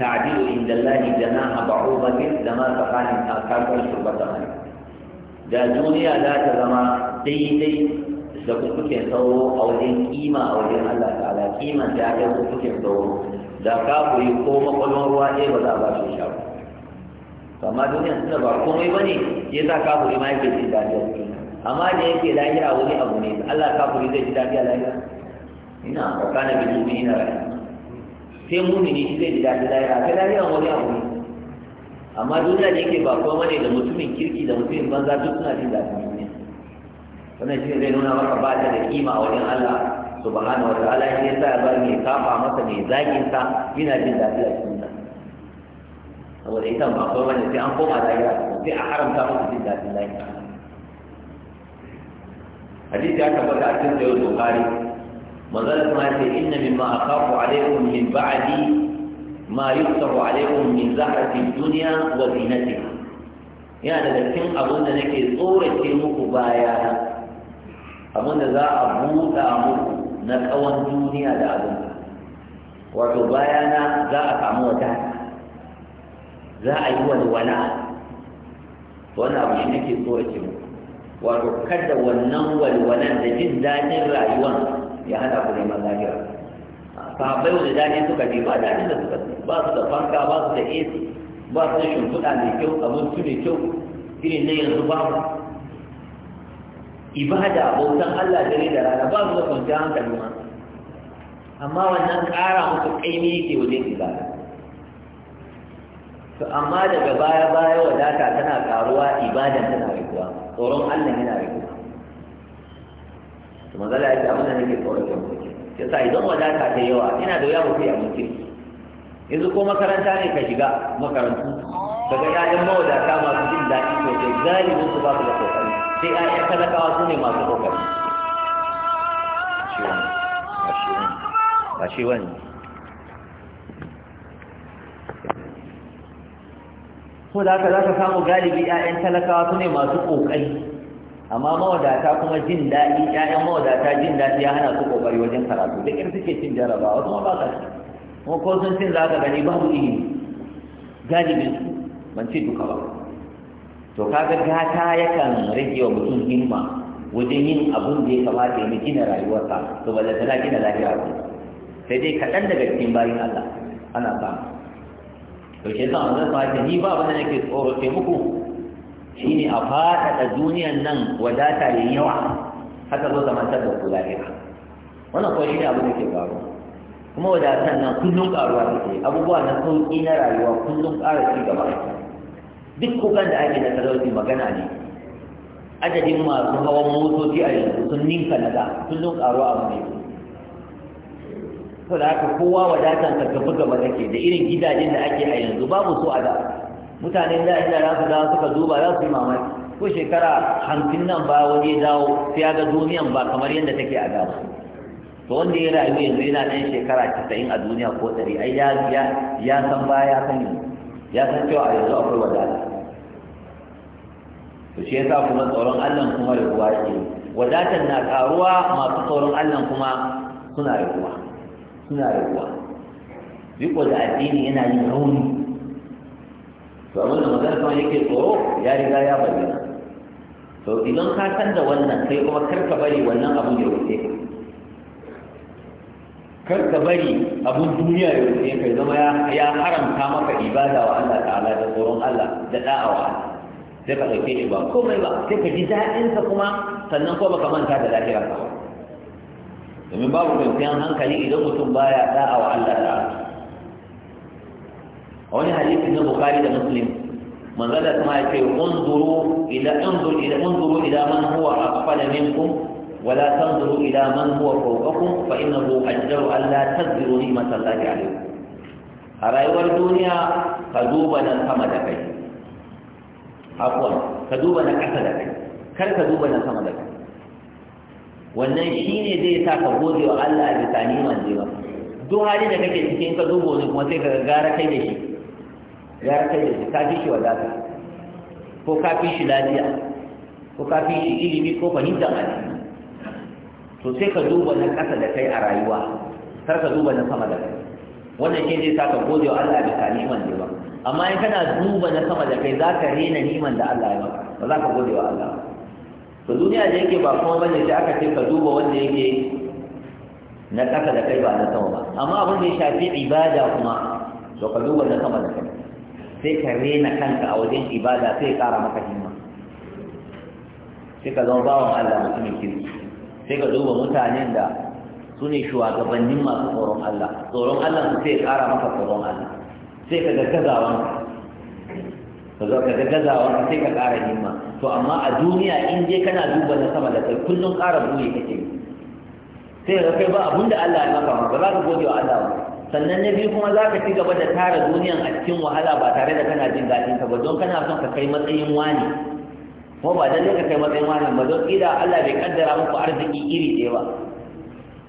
تعديل عند الله جناح بعوضة لما تقال كافر شربة ماء da duniya za ta zama daidai da kukukin sauro a wajen kima a wajen Allah ta'ala kima ta kai kukukin sauro da ka koyi ko makwalon ruwa ɗaya ba za a ba shi shawo amma duniya suna ba komai ba ne ya sa kafuri ma yake ji daɗi a cikin amma da yake lahira wani abu ne Allah kafuri zai ji daɗi a lahira ina ba kana bi mu'min ina rai sai mu'mini shi zai ji daɗi lahira kai lahira wani abu ne amma duniya da yake ba komai ne da mutumin kirki da mutumin banza duk suna jin daɗi duniya wannan shi ne zai nuna maka ba ta da kima a wajen Allah subhanahu wa ta'ala shi yasa ya bar mai kafa masa mai zagin sa yana jin daɗi a cikin saboda ita ba kawai wani sai an koma lahira sai a haramta musu jin daɗin lahira hadisi aka baka a cikin sayo bukari manzala kuma ya ce inna mimma akhafu alaikum min ba'di ma yuftahu alaikum min zahrati dunya wa zinatiha yana daga cikin abin da nake tsorace muku baya abin da za a buɗa muku na tsawon duniya da abin wato bayana za a samu wata za a yi walwala wani abu shi nake so a ce wato kada wannan walwalan da jin daɗin rayuwan ya hada ku neman lafiya sahabbai wanda daɗi suka je ba daɗin da suka ce. ba su da fanka ba su da ac ba su da shimfiɗa mai kyau abinci mai kyau irin na yanzu ba mu. ibada bautan Allah dare da rana ba su da kwanciyar hankali ma amma wannan ƙara musu ƙaimi yake wajen ibada to amma daga baya baya wadata tana karuwa ibadan tana rikuwa tsoron Allah yana rikuwa to manzala ya ce abin da nake tsoron ya mutu ke sa idan wadata ta yawa ina da wuya mutu ya mutum yanzu ko makaranta ne ka shiga makarantu daga ƴaƴan mawadata masu jin daɗi to da galibin su ba su da kokari sai ƴaƴan talakawa su ne masu kokari ashe wani ashe wani ko da haka za ka samu galibi 'ya'yan talakawa su ne masu ƙoƙari amma mawadata kuma jin daɗi 'ya'yan mawadata jin daɗi ya hana su ƙoƙari wajen karatu da ƙir suke cin jarabawa kuma ba ka kuma ko sun cin za ka gani babu ilimi galibin su ban ce duka ba to kaga gata yakan rage wa mutum himma wajen yin abun da ya kamata ya gina rayuwarsa to ba da tana gina lafiya ba sai dai kaɗan daga cikin bayan Allah ana samu to zan yasa manzon sa ni ba wani ne ke tsoro ce muku ne a faɗaɗa duniyan nan wadata da yawa haka zo zamantar da kula lahira wannan kuwa ne abin da ke faru. kuma wadatan nan kullum karuwa ke, abubuwa na sauƙi na rayuwa kullum kara ci gaba duk kukan da ake na talauci magana ne adadin masu hawan motoci a yanzu sun ninka na da kullum karuwa abu ne to da haka kowa wadatan ka gaba gaba take da irin gidajen da ake a yanzu babu su a da mutane da inda za su dawo suka duba za su yi mamaki ko shekara hamsin nan ba waje dawo sai ga duniyan ba kamar yadda take a gaba to wanda ya rayu yanzu yana ɗan shekara casa'in a duniya ko ɗari ai ya san baya san yanzu ya san cewa a yanzu akwai wadata to shi yasa kuma tsoron Allah kuma da ke, yake wadatan na karuwa masu tsoron Allah kuma suna da suna rabuwa riko da addini yana yin rauni to abin da magana kuma yake tsoro ya riga ya bayyana to idan ka san da wannan sai kuma kar ka bari wannan abun ya wuce ka kar ka bari abun duniya ya wuce ka zama ya haramta maka ibada wa Allah ta'ala da tsoron Allah da da'awa sai ka dauke shi ba komai ba sai ka ji daɗinsa kuma sannan kuma baka manta da lafiyar ka domin babu kwanciyar hankali idan mutum baya da'a wa Allah ta a wani hadisi na bukari da muslim manzala kuma ya ce unzuru ila unzuru ila unzuru ila man huwa fa asfala minkum ولا تنظروا إلى من هو فوقكم فإنه أجدر ألا تذكروا نعمة الله عليكم ka duba كذوبا kasa da kai kar ka duba كر sama da kai wannan shi ne zai sa ka gode wa Allah a bisa niman da ba duk hali da kake cikin ka zubo ne kuma sai ka gara kai da shi gara kai da shi ka fi shi wadata ko ka fi shi lafiya ko ka fi shi ilimi ko fahimtar addini to sai ka duba na ƙasa da kai a rayuwa kar ka duba na sama da kai wannan ne zai sa ka gode wa Allah a bisa niman da ba amma in kana duba na sama da kai za ka rena niman da Allah ya maka ba za ka gode wa Allah ba to duniya da yake ba kuma bane sai aka ce ka duba wanda yake na ƙasa da kai ba na sama ba amma abin da ya shafi ibada kuma to ka duba na sama da kai sai ka rena kanka a wajen ibada sai ƙara maka himma sai ka zama bawan Allah mutumin kirki sai ka duba mutanen da su ne shugabannin masu tsoron Allah tsoron Allah su sai ƙara maka tsoron Allah sai ka gaggazawa ka zo ka ga sai ka ƙara himma to amma a duniya in je kana duba na sama da kai kullum ƙara buɗe kake sai ga kai ba abinda Allah ya maka ba za ka gode wa Allah ba sannan na biyu kuma za ka ci gaba da tara duniyan a cikin wahala ba tare da kana jin daɗin ka ba don kana son ka kai matsayin wani ko ba dan ka kai matsayin wani ba don kila Allah bai kaddara muku arziki iri ɗaya ba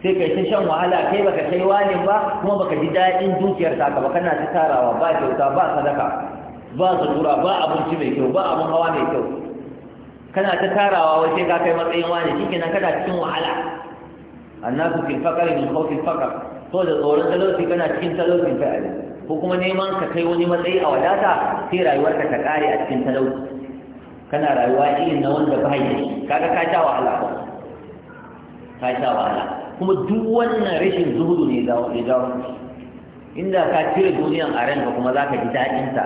sai kai ta shan wahala kai baka kai wani ba kuma baka ji daɗin dukiyar ka ba kana ci tarawa ba kyauta ba sadaka ba sutura ba abinci mai kyau ba abin hawa mai kyau kana ta tarawa wace ka kai matsayin wani shi kenan kana cikin wahala annasu fil faqar min khawfi faqar to da tsoron talauci kana cikin talaucin kai ali ko kuma neman ka kai wani matsayi a wadata sai rayuwarka ta kare a cikin talauci kana rayuwa irin na wanda ba yi kaga ka sha wahala ka sha wahala kuma duk wannan rashin zuhudu ne ya jawo inda ka cire duniyan a ranka kuma za ka ji daɗinsa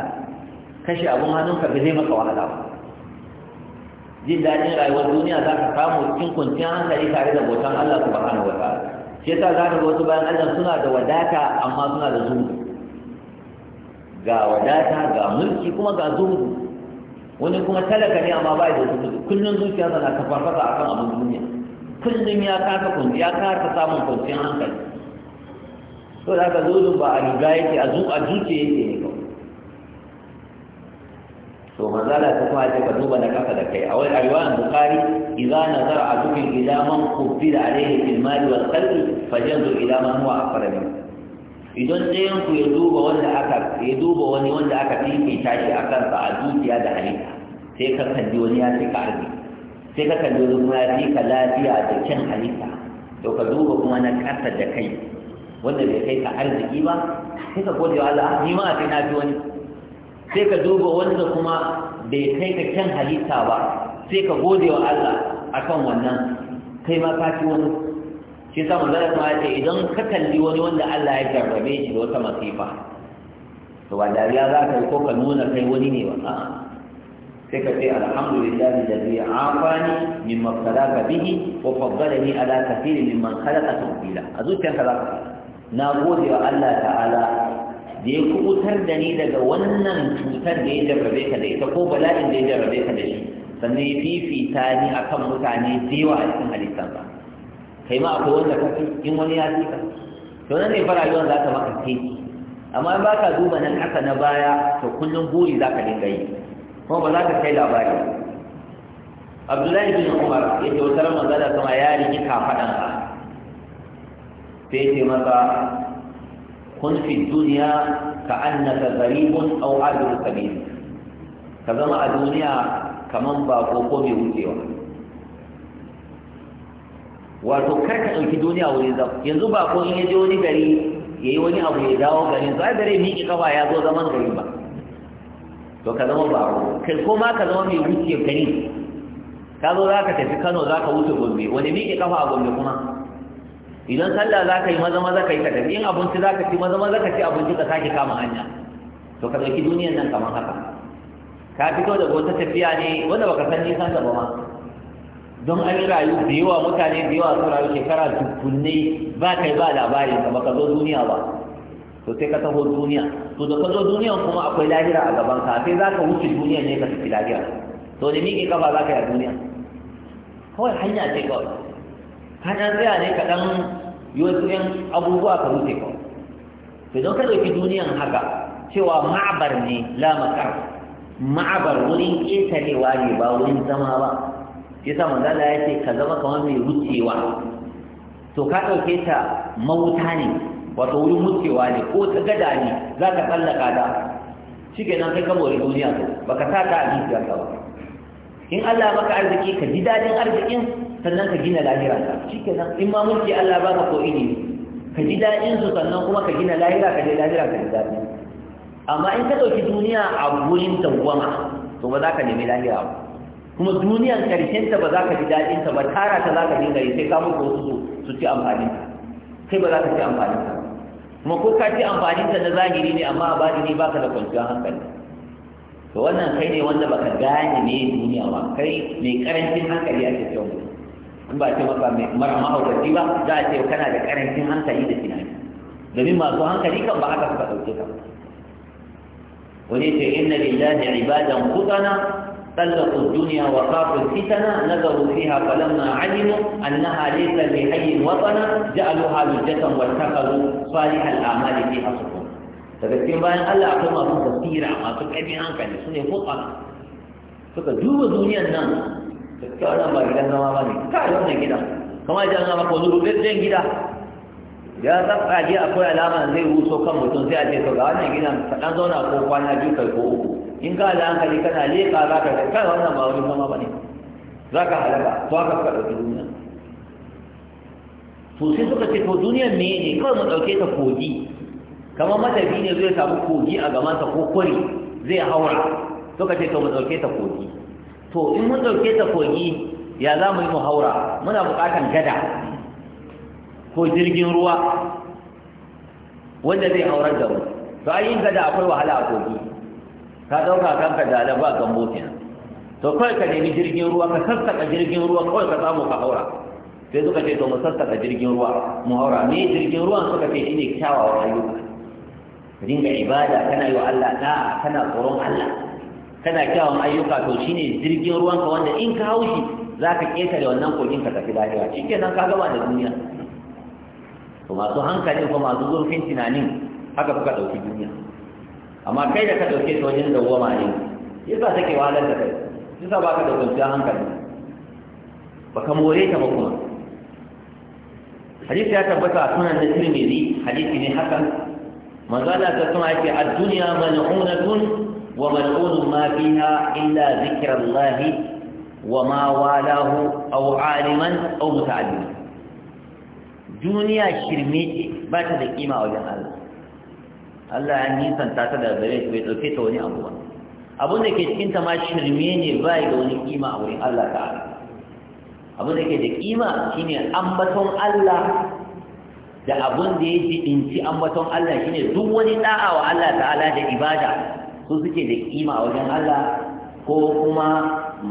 kashe abun hannunka ba zai maka wahala ba jin daɗin rayuwar duniya za ka samu cikin kwanciyar hankali tare da bautan Allah su wa wata shi yasa za ka ga wasu bayan Allah suna da wadata amma suna da zuhu ga wadata ga mulki kuma ga zuhu wani kuma talaka ne amma ba da zuhu kullum zuciya tana ta farfasa kan abin duniya kullum ya kasa kunci ya kasa samun kwanciyar hankali to da ka zuhudu ba a riga yake a zuciya yake ne kawai to manzala ta kuma ce ka duba na kafa da kai a wani arwayan bukari idza nazara adukin ila man qubbila alayhi fil mali wal qalbi fajanzu ila man huwa akbar min idan ɗayan ku ya duba wanda aka ya duba wani wanda aka fifita shi a kansa a zuciya da halitta sai ka kalli wani ya fi ka arziki sai ka kalli wani kuma ya fi ka lafiya da kyan halitta to ka duba kuma na ƙasa da kai wanda bai kai ka arziki ba sai ka gode wa Allah ah, ni ma sai na fi wani sai ka duba wanda kuma bai kai ka kyan halitta ba sai ka gode wa Allah kan wannan kai ma ka ci wani shi sa ya ce idan ka kalli wani wanda Allah ya jarrabe shi da wata masifa to ba dariya za ka yi ko ka nuna kai wani ne ba sai ka ce alhamdulillahi da afani min mafsara ka bihi wa faddala ni ala kafiri min man khalaqa tafdila a zuciyarka za ka na gode wa Allah ta'ala da ya kubutar da ni daga wannan cutar da ya jarrabe ka da ita ko bala'in da ya jarrabe ka da shi sannan ya fifita ni a kan mutane da yawa a cikin halittar ba kai ma akwai wanda ka in wani ya fi ka to nan ne fa rayuwar za ta maka teki amma ba ka duba nan ƙasa na baya to kullum buri za ka dinga yi kuma ba za ka kai labari abdullahi bin umar ya ce wata zada sama ya rigi kafaɗansa sai ce maza. kun fi duniya ka annaka garibun aw abir sabil ka zama a duniya kaman ba ko ko mai wucewa wato kar ka ɗauki duniya wurin zama yanzu ba ko in ya je wani gari ya yi wani abu ya dawo garin za gare miƙi kafa ya zo zaman gari ba to ka zama ba kai ko ma ka zama mai wuce gari ka zo za ka tafi kano za ka wuce gombe wani miƙi kafa a gombe kuma idan sallah za ka yi maza maza ka yi ka tafi in abinci za ka ci maza maza ka ci abinci ka sake kama hanya to ka ɗauki duniyan nan kamar haka ka fito da wata tafiya ne wanda baka san nisan da ba ma don an rayu da yawa mutane da yawa sun rayu shekara dubbanne ba kai ba labarin ka baka zo duniya ba to sai ka taho duniya to da ka zo duniyan kuma akwai lahira a gaban ka sai za ka wuce duniyan ne ka tafi lahira to da miƙe kafa za ka yi a duniya kawai hanya ce kawai ka dan tsaya ne ka dan yi abubuwa ka wuce ka to don ka ki duniyan haka cewa ma'abar ne la makar ma'abar wurin ƙetarewa ne ba wurin zama ba Ya sa Allah ya ce ka zama kamar mai wucewa to ka ɗauke ta mawuta ne wato wurin wucewa ne ko ta gada ne za ka tsallaka ta shi ke nan kai ka mori duniya ba ka sa ta a ka ba in Allah maka arziki ka ji daɗin arzikin sannan ka gina lahira shikenan in ma mulki Allah ba ka ko ini ka ji daɗin su sannan kuma ka gina lahira ka je lahira ka ji daɗi amma in ka ɗauki duniya a gurin dawwama to ba za ka nemi lahira ba kuma duniyan ta ba za ka ji daɗinta ba tara ta za ka dinga yi sai ka muku wasu su ci amfani sai ba za ka ci amfani kuma ko ka ci amfaninta na zahiri ne amma a bani ne ba ka da kwanciyar hankali to wannan kai ne wanda baka gane ne duniya ba kai mai karancin hankali ake cewa in ba ce maka mai mara ma'aurati ba za a ce kana da karancin hankali da tunani domin masu hankali kan ba haka suka ɗauke ka wani ce inna lillahi ibadan kudana sallatu duniya wa qatu fitana nazaru fiha falamma alimu annaha laysa bi hayyin watana ja'aluha hujjatan wa takalu salihal a'mali fi asfu ta bayan Allah akwai masu basira masu ƙarfin hankali su ne fuka suka duba duniyan nan gaskiya wannan ba gidan zama ba ne kai wannan gidan kamar jan zama ko zuru ɗin gida ya tsaka je akwai alama zai ruso kan mutum sai a ce to ga wannan gidan ka dan zauna ko kwana kai ko uku in ka da hankali kana leƙa za ka kai wannan ba wani zama ba ne za ka halaka to haka ka ɗauki duniya to sai suka ce ko duniyar me ne kawai mu ɗauke ta kogi kamar matafi ne zai samu kogi a gabansa ko kwari zai haura suka ce to mu ɗauke ta kogi to in mun ɗauke ta kogi ya za mu yi mu haura muna buƙatan gada ko jirgin ruwa wanda zai haurar da mu to a yin gada akwai wahala a kogi ka ɗauka kanka da ba gambo kenan to kawai ka nemi jirgin ruwa ka sassaka jirgin ruwa kawai ka samu ka haura sai suka ce to mu sassaka jirgin ruwa mu haura me jirgin ruwan suka ce shine kyawawan ayyuka dinga ibada kana yi wa Allah da kana tsoron Allah kana kyawun ayyuka to shine jirgin ruwanka wanda in ka haushi za ka ƙetare wannan kogin ka tafi lahira shi nan ka gaba da duniya to masu hankali ko masu zurfin tunanin haka kuka ɗauki duniya amma kai da ka ɗauke ta wajen dawwama ne yasa take wahalar da kai yasa ba ka da kwanciyar hankali ba ka more ta ba kuma hadisi ya tabbata a sunan da tirmidhi hadisi ne hakan manzo Allah ta kuma yake ad-dunya mal'unatun وملعون ما فيها إلا ذكر الله وما والاه أو عالما أو متعلما duniya shirme ce ba ta da kima wajen Allah Allah ya nisanta ta da gare shi bai dauke ta wani abu ba abin da ke cikin ta ma shirme ne ba ya da wani kima a wurin Allah ta'ala abin da ke da kima shine ambaton Allah da abin da ya jibinci ambaton Allah shine duk wani da'a Allah ta'ala da ibada su suke da kima wajen Allah ko kuma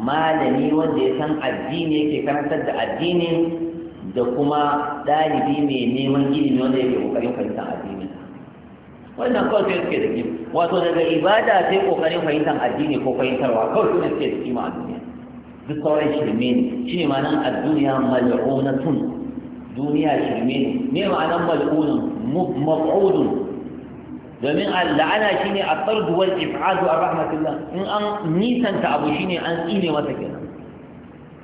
malami wanda ya san addini yake karantar da addini da kuma ɗalibi mai neman ilimi wanda yake ƙoƙarin fahimtar addini wannan kawai sai suke da kima wato daga ibada sai ƙoƙarin fahimtar addini ko fahimtarwa kawai su suke da kima a duniya duk sauran shirme ne shi ne ma'anar adduniya mal'unatun duniya shirme ne me ma'anar mal'unan mab'udun domin la'ana shine at-tard wal ib'ad an rahmatillah in an nisanta abu shine an tsine masa kenan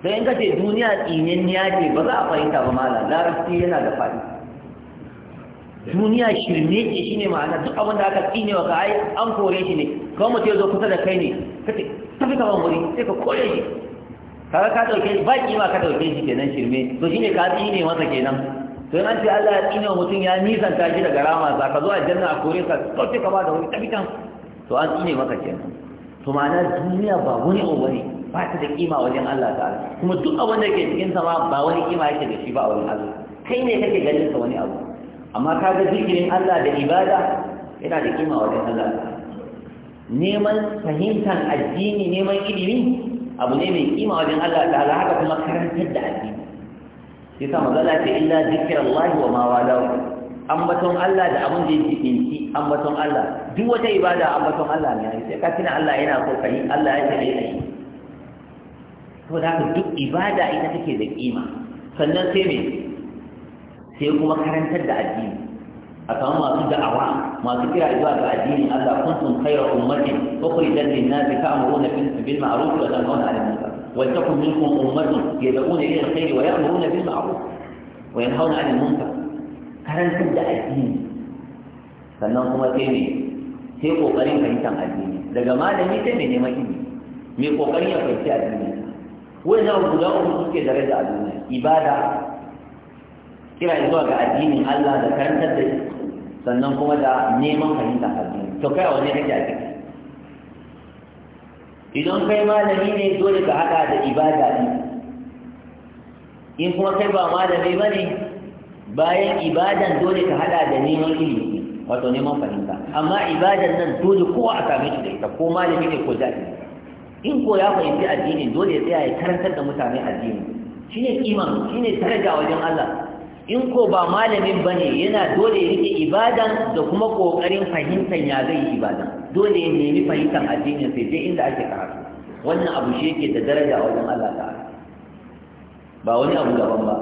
sai in kace duniya tsinen ya ce ba za a fahimta ba malam larabci yana da fadi duniya shirme ce shine ma'ana duk abin da aka tsine wa kai an kore shi ne kawai mutum ya zo kusa da kai ne kace tafi ka ban wuri sai ka kore shi kaga ka ɗauke, ba kima ka ɗauke shi kenan shirme to shine ka tsine masa kenan sai nan ce Allah ya tsine mutum ya nisan ta shi daga rama za ka zo aljanna a kore ka kauce ka ba da wani kabitan to an tsine maka kenan to ma'ana duniya ba wani abu bane ba ta da kima wajen Allah ta'ala kuma duk abin da ke cikin sama ba wani kima yake da shi ba wajen Allah kai ne kake ganin sa wani abu amma ka ga zikirin Allah da ibada yana da kima wajen Allah neman fahimtar addini neman ilimi abu ne mai kima wajen Allah ta'ala haka kuma karantar da addini yasa magana ce illa zikrullahi wa ma walahu ambaton Allah da abin da yake dinki ambaton Allah duk wata ibada ambaton Allah ne sai ka tuna Allah yana so kai Allah ya tare kai to da ka duk ibada ita take da kima sannan sai me sai kuma karantar da addini a kan masu da'awa masu kira zuwa ga addinin Allah kuntum khayra ummatin ukhrijat lin-nasi ta'muruna bil ma'ruf wa tanhauna 'anil ولتكن منكم أمة يدعون إلى الخير ويأمرون بالمعروف وينهون عن المنكر karan da addini sannan kuma sai ne sai ƙoƙarin fahimtar addini daga malami sai mai neman ilimi mai ƙoƙarin ya fahimci addini wani na guda uku suke da rage addini ibada kira zuwa ga addinin Allah da karantar da shi? sannan kuma da neman fahimtar addini to kai a wani rage addini idan kai malami ne dole ka haɗa da ibada ne in kuma kai ba malami ba ne bayan ibadan dole ka haɗa da neman ilimi wato neman fahimta amma ibadan nan dole kowa a same shi da ita ko malami ne ko jami'i in ko ya fahimci addini dole ya tsaya ya karantar da mutane addini shine kiman shine daraja wajen Allah in ko ba malamin bane yana dole ya rike ibadan da kuma kokarin fahimtar ya zai ibadan dole ya nemi fahimtar addinin sai dai inda ake karatu wannan abu shi yake da daraja a wajen Allah ta'ala ba wani abu daban ba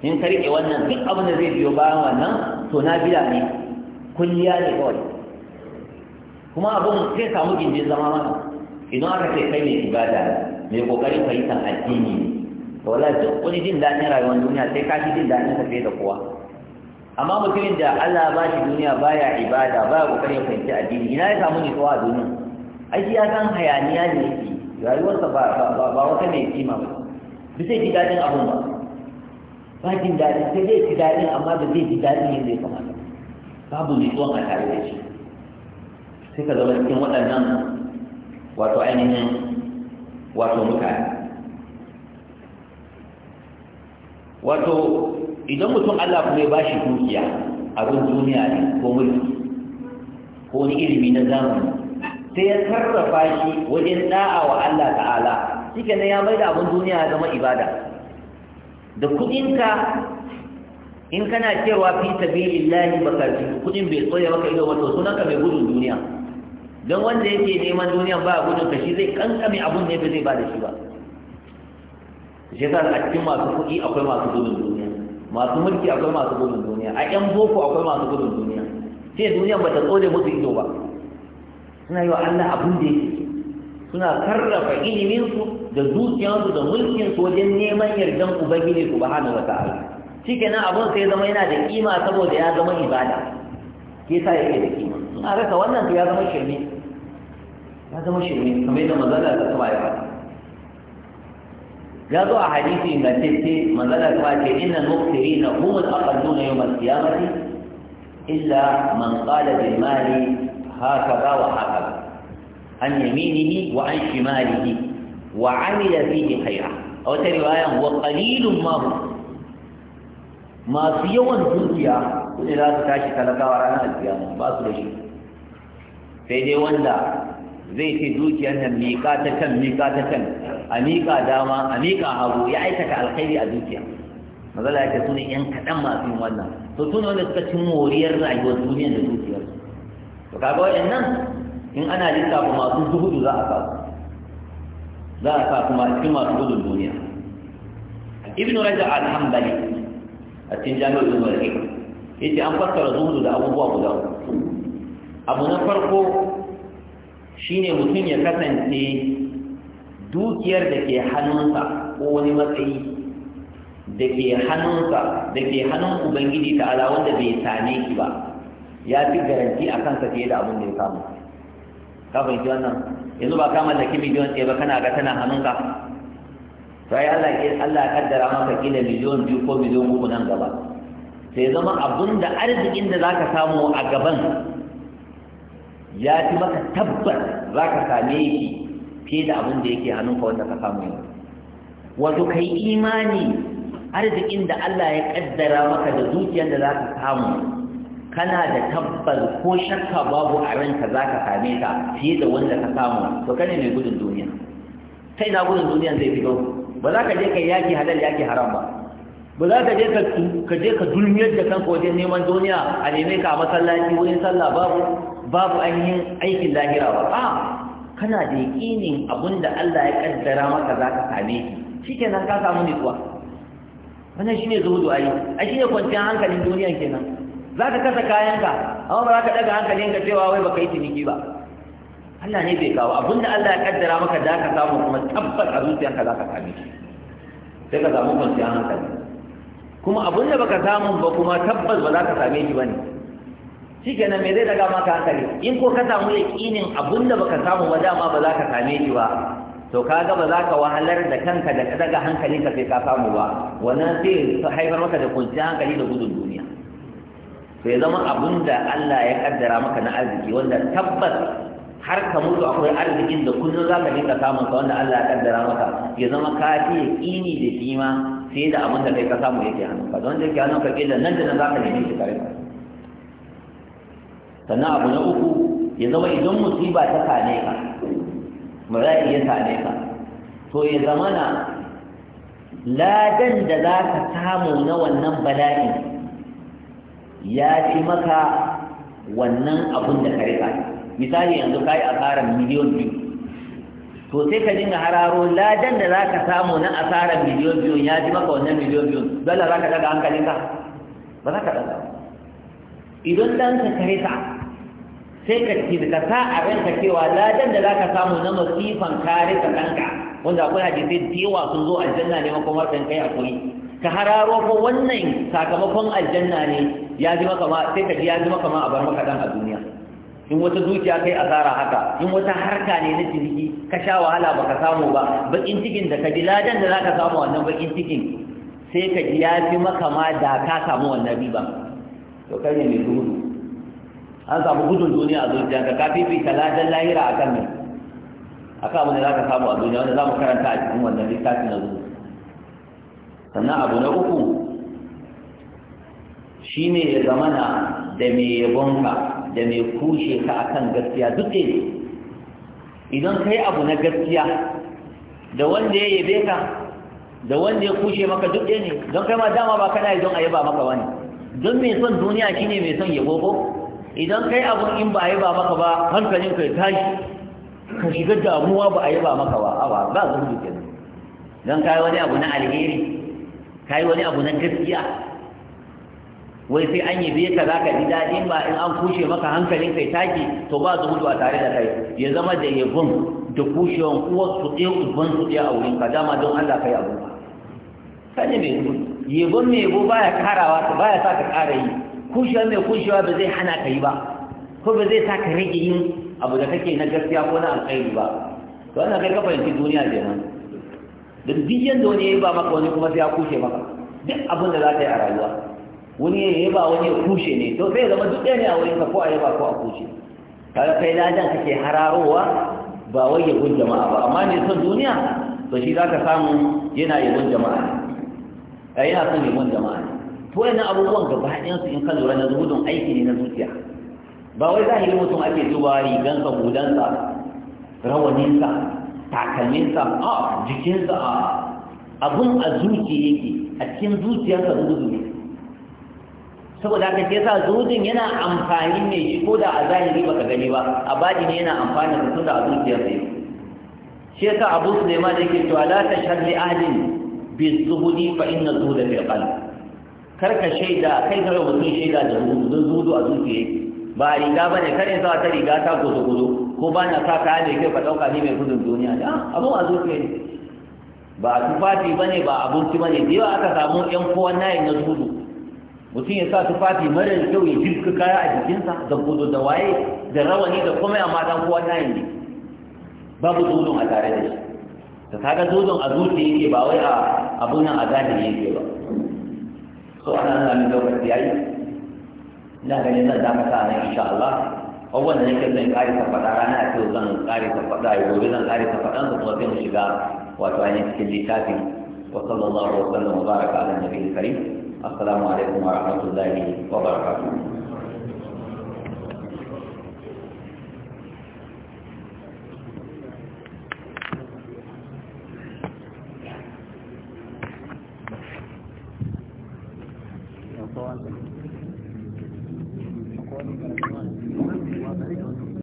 in ka rike wannan duk abin da zai biyo bayan wannan to na bila ne kulliya ne kawai kuma abin zai samu gindin zama mana idan aka ce kai mai ibada mai kokarin fahimtar addini ne to wala duk wani jin daɗin rayuwar duniya sai ka fi jin daɗin ka fiye da kowa amma mutumin da Allah ba shi duniya baya ibada baya kokarin ya fahimci addini ina ya samu nutsuwa a duniya ai shi ya san hayaniya ne yake rayuwarsa ba ba ba wata mai kima ba bi sai ji dadin abun ba ba jin dadin sai zai ji dadin amma da zai ji dadin yadda zai kamata babu nutsuwan a tare da shi sai ka zama cikin waɗannan wato ainihin wato mutane wato idan mutum Allah kuma ya bashi dukiya abin duniya ne ko mulki ko wani ilimi na zamani sai ya sarrafa shi wajen da'a wa Allah ta'ala shike ne ya maida abin duniya zama ibada da kudinka in kana cewa fi sabilillahi baka kudin bai tsoya maka ido wato sunanka mai gudun duniya don wanda yake neman duniya ba gudun ka shi zai kankame abun ne ba zai ba da shi ba shi yasa a cikin masu kuɗi akwai masu gudun duniya masu mulki akwai masu gudun duniya a ƴan boko akwai masu gudun duniya sai duniyan ba ta tsone musu ido ba suna yi wa Allah abin da yake suna karrafa iliminsu da zuciyarsu da mulkinsu wajen neman yardan ubangiji subhanahu wataala shikenan abun sai zama yana da kima saboda ya zama ibada ke sa yake da kima suna rasa wannan to ya zama shirme ya zama shirme kamar yadda manzon da ta tsaya ya zo a hadisi ingantacce manzala ta ce inna muktiri na humul aqalluna yawm al-qiyamati illa man qala bil mali hakaza wa hakaza an yaminihi wa an shimalihi wa amila fihi kai a wata riwaya wa kalilun ma masu yawan dukiya kuma za su tashi talakawa ranar alkiyama ba su da shi sai dai wanda zai fi dukiyar nan miƙa ta can miƙa ta can a miƙa dama a miƙa hagu ya aikata alkhairi a dukiya mazala ya ce su yan kaɗan masu yin wannan to su ne wanda suka cin moriyar rayuwar duniyar da dukiyar to kaga waɗannan in ana lissafa masu zuhudu za a sa za a sa kuma cikin masu gudun duniya ibn rajab al-hanbali a cikin jami'ar ibn rajab yace an fassara zuhudu da abubuwa guda abu na farko shine mutum ya kasance dukiyar da ke hannunsa ko wani matsayi da ke hannunsa da ke hannun ubangiji ala wanda bai same ki ba ya fi garanti a kansa fiye da abin da ya samu ka fahimci wannan yanzu ba ka mallaki miliyon ɗaya ba kana ga tana hannunka sai Allah ya Allah ya kaddara maka kila miliyon biyu ko miliyon uku nan gaba sai zama abun da arzikin da zaka samu a gaban ya fi maka tabbas zaka same shi fiye da abin da yake hannunka wanda ka samu yanzu wato kai imani arzikin da Allah ya kaddara maka da zuciyar da za ka samu kana da tabbas ko shakka babu a ranka za ka same ta fiye da wanda ka samu to kane mai gudun duniya kai na gudun duniya zai fito ba za ka je ka yaki halal yaki haram ba ba za ka je ka je ka dulmiyar da kanka wajen neman duniya a neme ka a masallaci wurin sallah babu babu ainihin aikin lahira ba a kana da yakinin abin da Allah ya ƙaddara maka za same shi shi kenan ka samu kuwa? wannan shi ne zuhudu ayi a shi kwanciyar hankalin duniyan kenan za ka kasa kayanka amma ba za ka ɗaga hankalinka cewa wai baka yi ciniki ba Allah ne bai kawo abin da Allah ya ƙaddara maka za ka samu kuma tabbas a zuciyarka za ka same shi sai ka samu kwanciyar hankali kuma abin da baka samu ba kuma tabbas ba za ka same shi ba ne shi nan me zai daga maka hankali in ko ka samu yaƙinin da baka samu ba dama ba za ka same shi ba to kaga ba za ka wahalar da kanka da daga hankalinka sai ka samu ba wannan sai haifar maka da kuncin hankali da gudun duniya Sai zama abun da Allah ya kaddara maka na arziki wanda tabbas har ka mutu akwai arzikin da kullum za ka dinga samun ka wanda Allah ya kaddara maka ya zama ka fi yaƙini da kima sai da abin da kai ka samu yake ka don da yake hannunka kila nan da nan za ka nemi shi kare ka sannan abu na uku ya zama idan musiba ta same ka bala'i ya same ka to ya zama na ladan da za ka samu na wannan bala'i ya fi maka wannan abun da ka rika misali yanzu ka yi asarar miliyon biyu to sai ka dinga hararo ladan da za ka samu na asarar miliyon biyu ya fi maka wannan miliyon biyu dole za ka daga hankalinka ba za ka daga idan ɗanka ka rika. sai ka ka sa a ranka cewa ladan da zaka samu na masifan kare ka kanka wanda akwai hadisi da sun zo aljanna ne makomar kan kai akwai ka hararo ko wannan sakamakon aljanna ne ya ji maka ma sai ka ji ya ji maka ma a bar maka dan a duniya in wata zuciya kai asara haka in wata harka ne na ciniki ka sha wahala baka samu ba bakin cikin da ka ji ladan da zaka samu wannan bakin cikin sai ka ji ya fi maka ma da ka samu wannan riba to kai ne mai duhu an samu gudun duniya a zuciya ka kafi fi talatin lahira a kan mai a kan wani za ka samu a duniya wanda za mu karanta a cikin wannan littafi na zuwa sannan abu na uku shi ne ya zamana da mai yabonka da mai kushe ka a kan gaskiya duk ne idan ka yi abu na gaskiya da wanda ya yabe ka da wanda ya kushe maka duk ne don kai ma dama ba kana yi don a yaba maka wani don mai son duniya shine mai son yabo ko idan kai abun in ba a yi ba maka ba hankalin kai tashi ka shiga damuwa ba a yi ba maka ba awa ba zuwa ke don kai wani abu na alheri kai wani abu na gaskiya wai sai an yi bai ka za ka ji daɗin ba in an kushe maka hankalin kai taki to ba zuhudu a tare da kai ya zama da yabon da kushewan uwar su ɗaya uban su ɗaya a wurin ka dama don Allah kai abu ba kan ne mai yabon mai yabo baya karawa baya sa ka ƙara yi kushewa mai kushewa ba zai hana ka yi ba ko ba zai sa ka rage yin abu da kake na gaskiya ko na alkhairi ba to ana kai ka fahimci duniya kenan da duk yanda wani ya yi ba maka wani kuma sai ya kushe maka duk abin da za ta yi a rayuwa wani ya yi ba wani ya kushe ne to sai zama duk ɗaya ne a wurin ka ko a yi ba ko a kushe kaga kai ladan kake hararowa ba wai ya yabon jama'a ba amma ne son duniya to shi za ka samu yana yabon jama'a ne eh, yana son yabon jama'a ne to yana abubuwan gaba ɗayansu in ka lura na zuhudun aiki ne na zuciya ba wai zahiri mutum ake zuwa rigansa hudansa rawaninsa takalminsa a jikinsa a abun a zuci yake a cikin zuciyarsa zuhudu ne saboda haka ce sa zuhudun yana amfani ne shi ko da a zahiri baka gani ba a baji ne yana amfani da tunda a zuciyarsa yake shi yasa abu suleiman yake cewa la ta li ahlin bi zuhudi fa inna zuhuda fil qalb kar ka shaida kai kawai mutum shaida da zuzu don zuzu a zuciya ba riga ba ne kare sa ta riga ta gozo gozo ko ba na sa kaya mai kyau ka ɗauka ni mai gudun duniya ne ah, abun a zuciya ne ba tufafi ba ne ba abinci ba ne da yawa aka samu yan kowa nayin na zuzu mutum ya sa tufafi mara kyau ya jirka kaya a jikinsa da gozo da waye da rawani da komai amma dan kowa nayin ne babu zuzun a tare da shi ta kaga zuzun a zuciya yake ba wai a abunan a zahiri yake ba so ana nuna min lokaci yayi ina ganin zan dakata nan insha Allah abubuwan da nake zan kare ta faɗa rana a ce zan kare ta faɗa yau gobe zan kare ta faɗa su kuma sai mu shiga wato ainihin cikin litafi, wa sallallahu alaihi wa sallam wa baraka ala nabiyil karim assalamu alaikum wa rahmatullahi wa barakatuh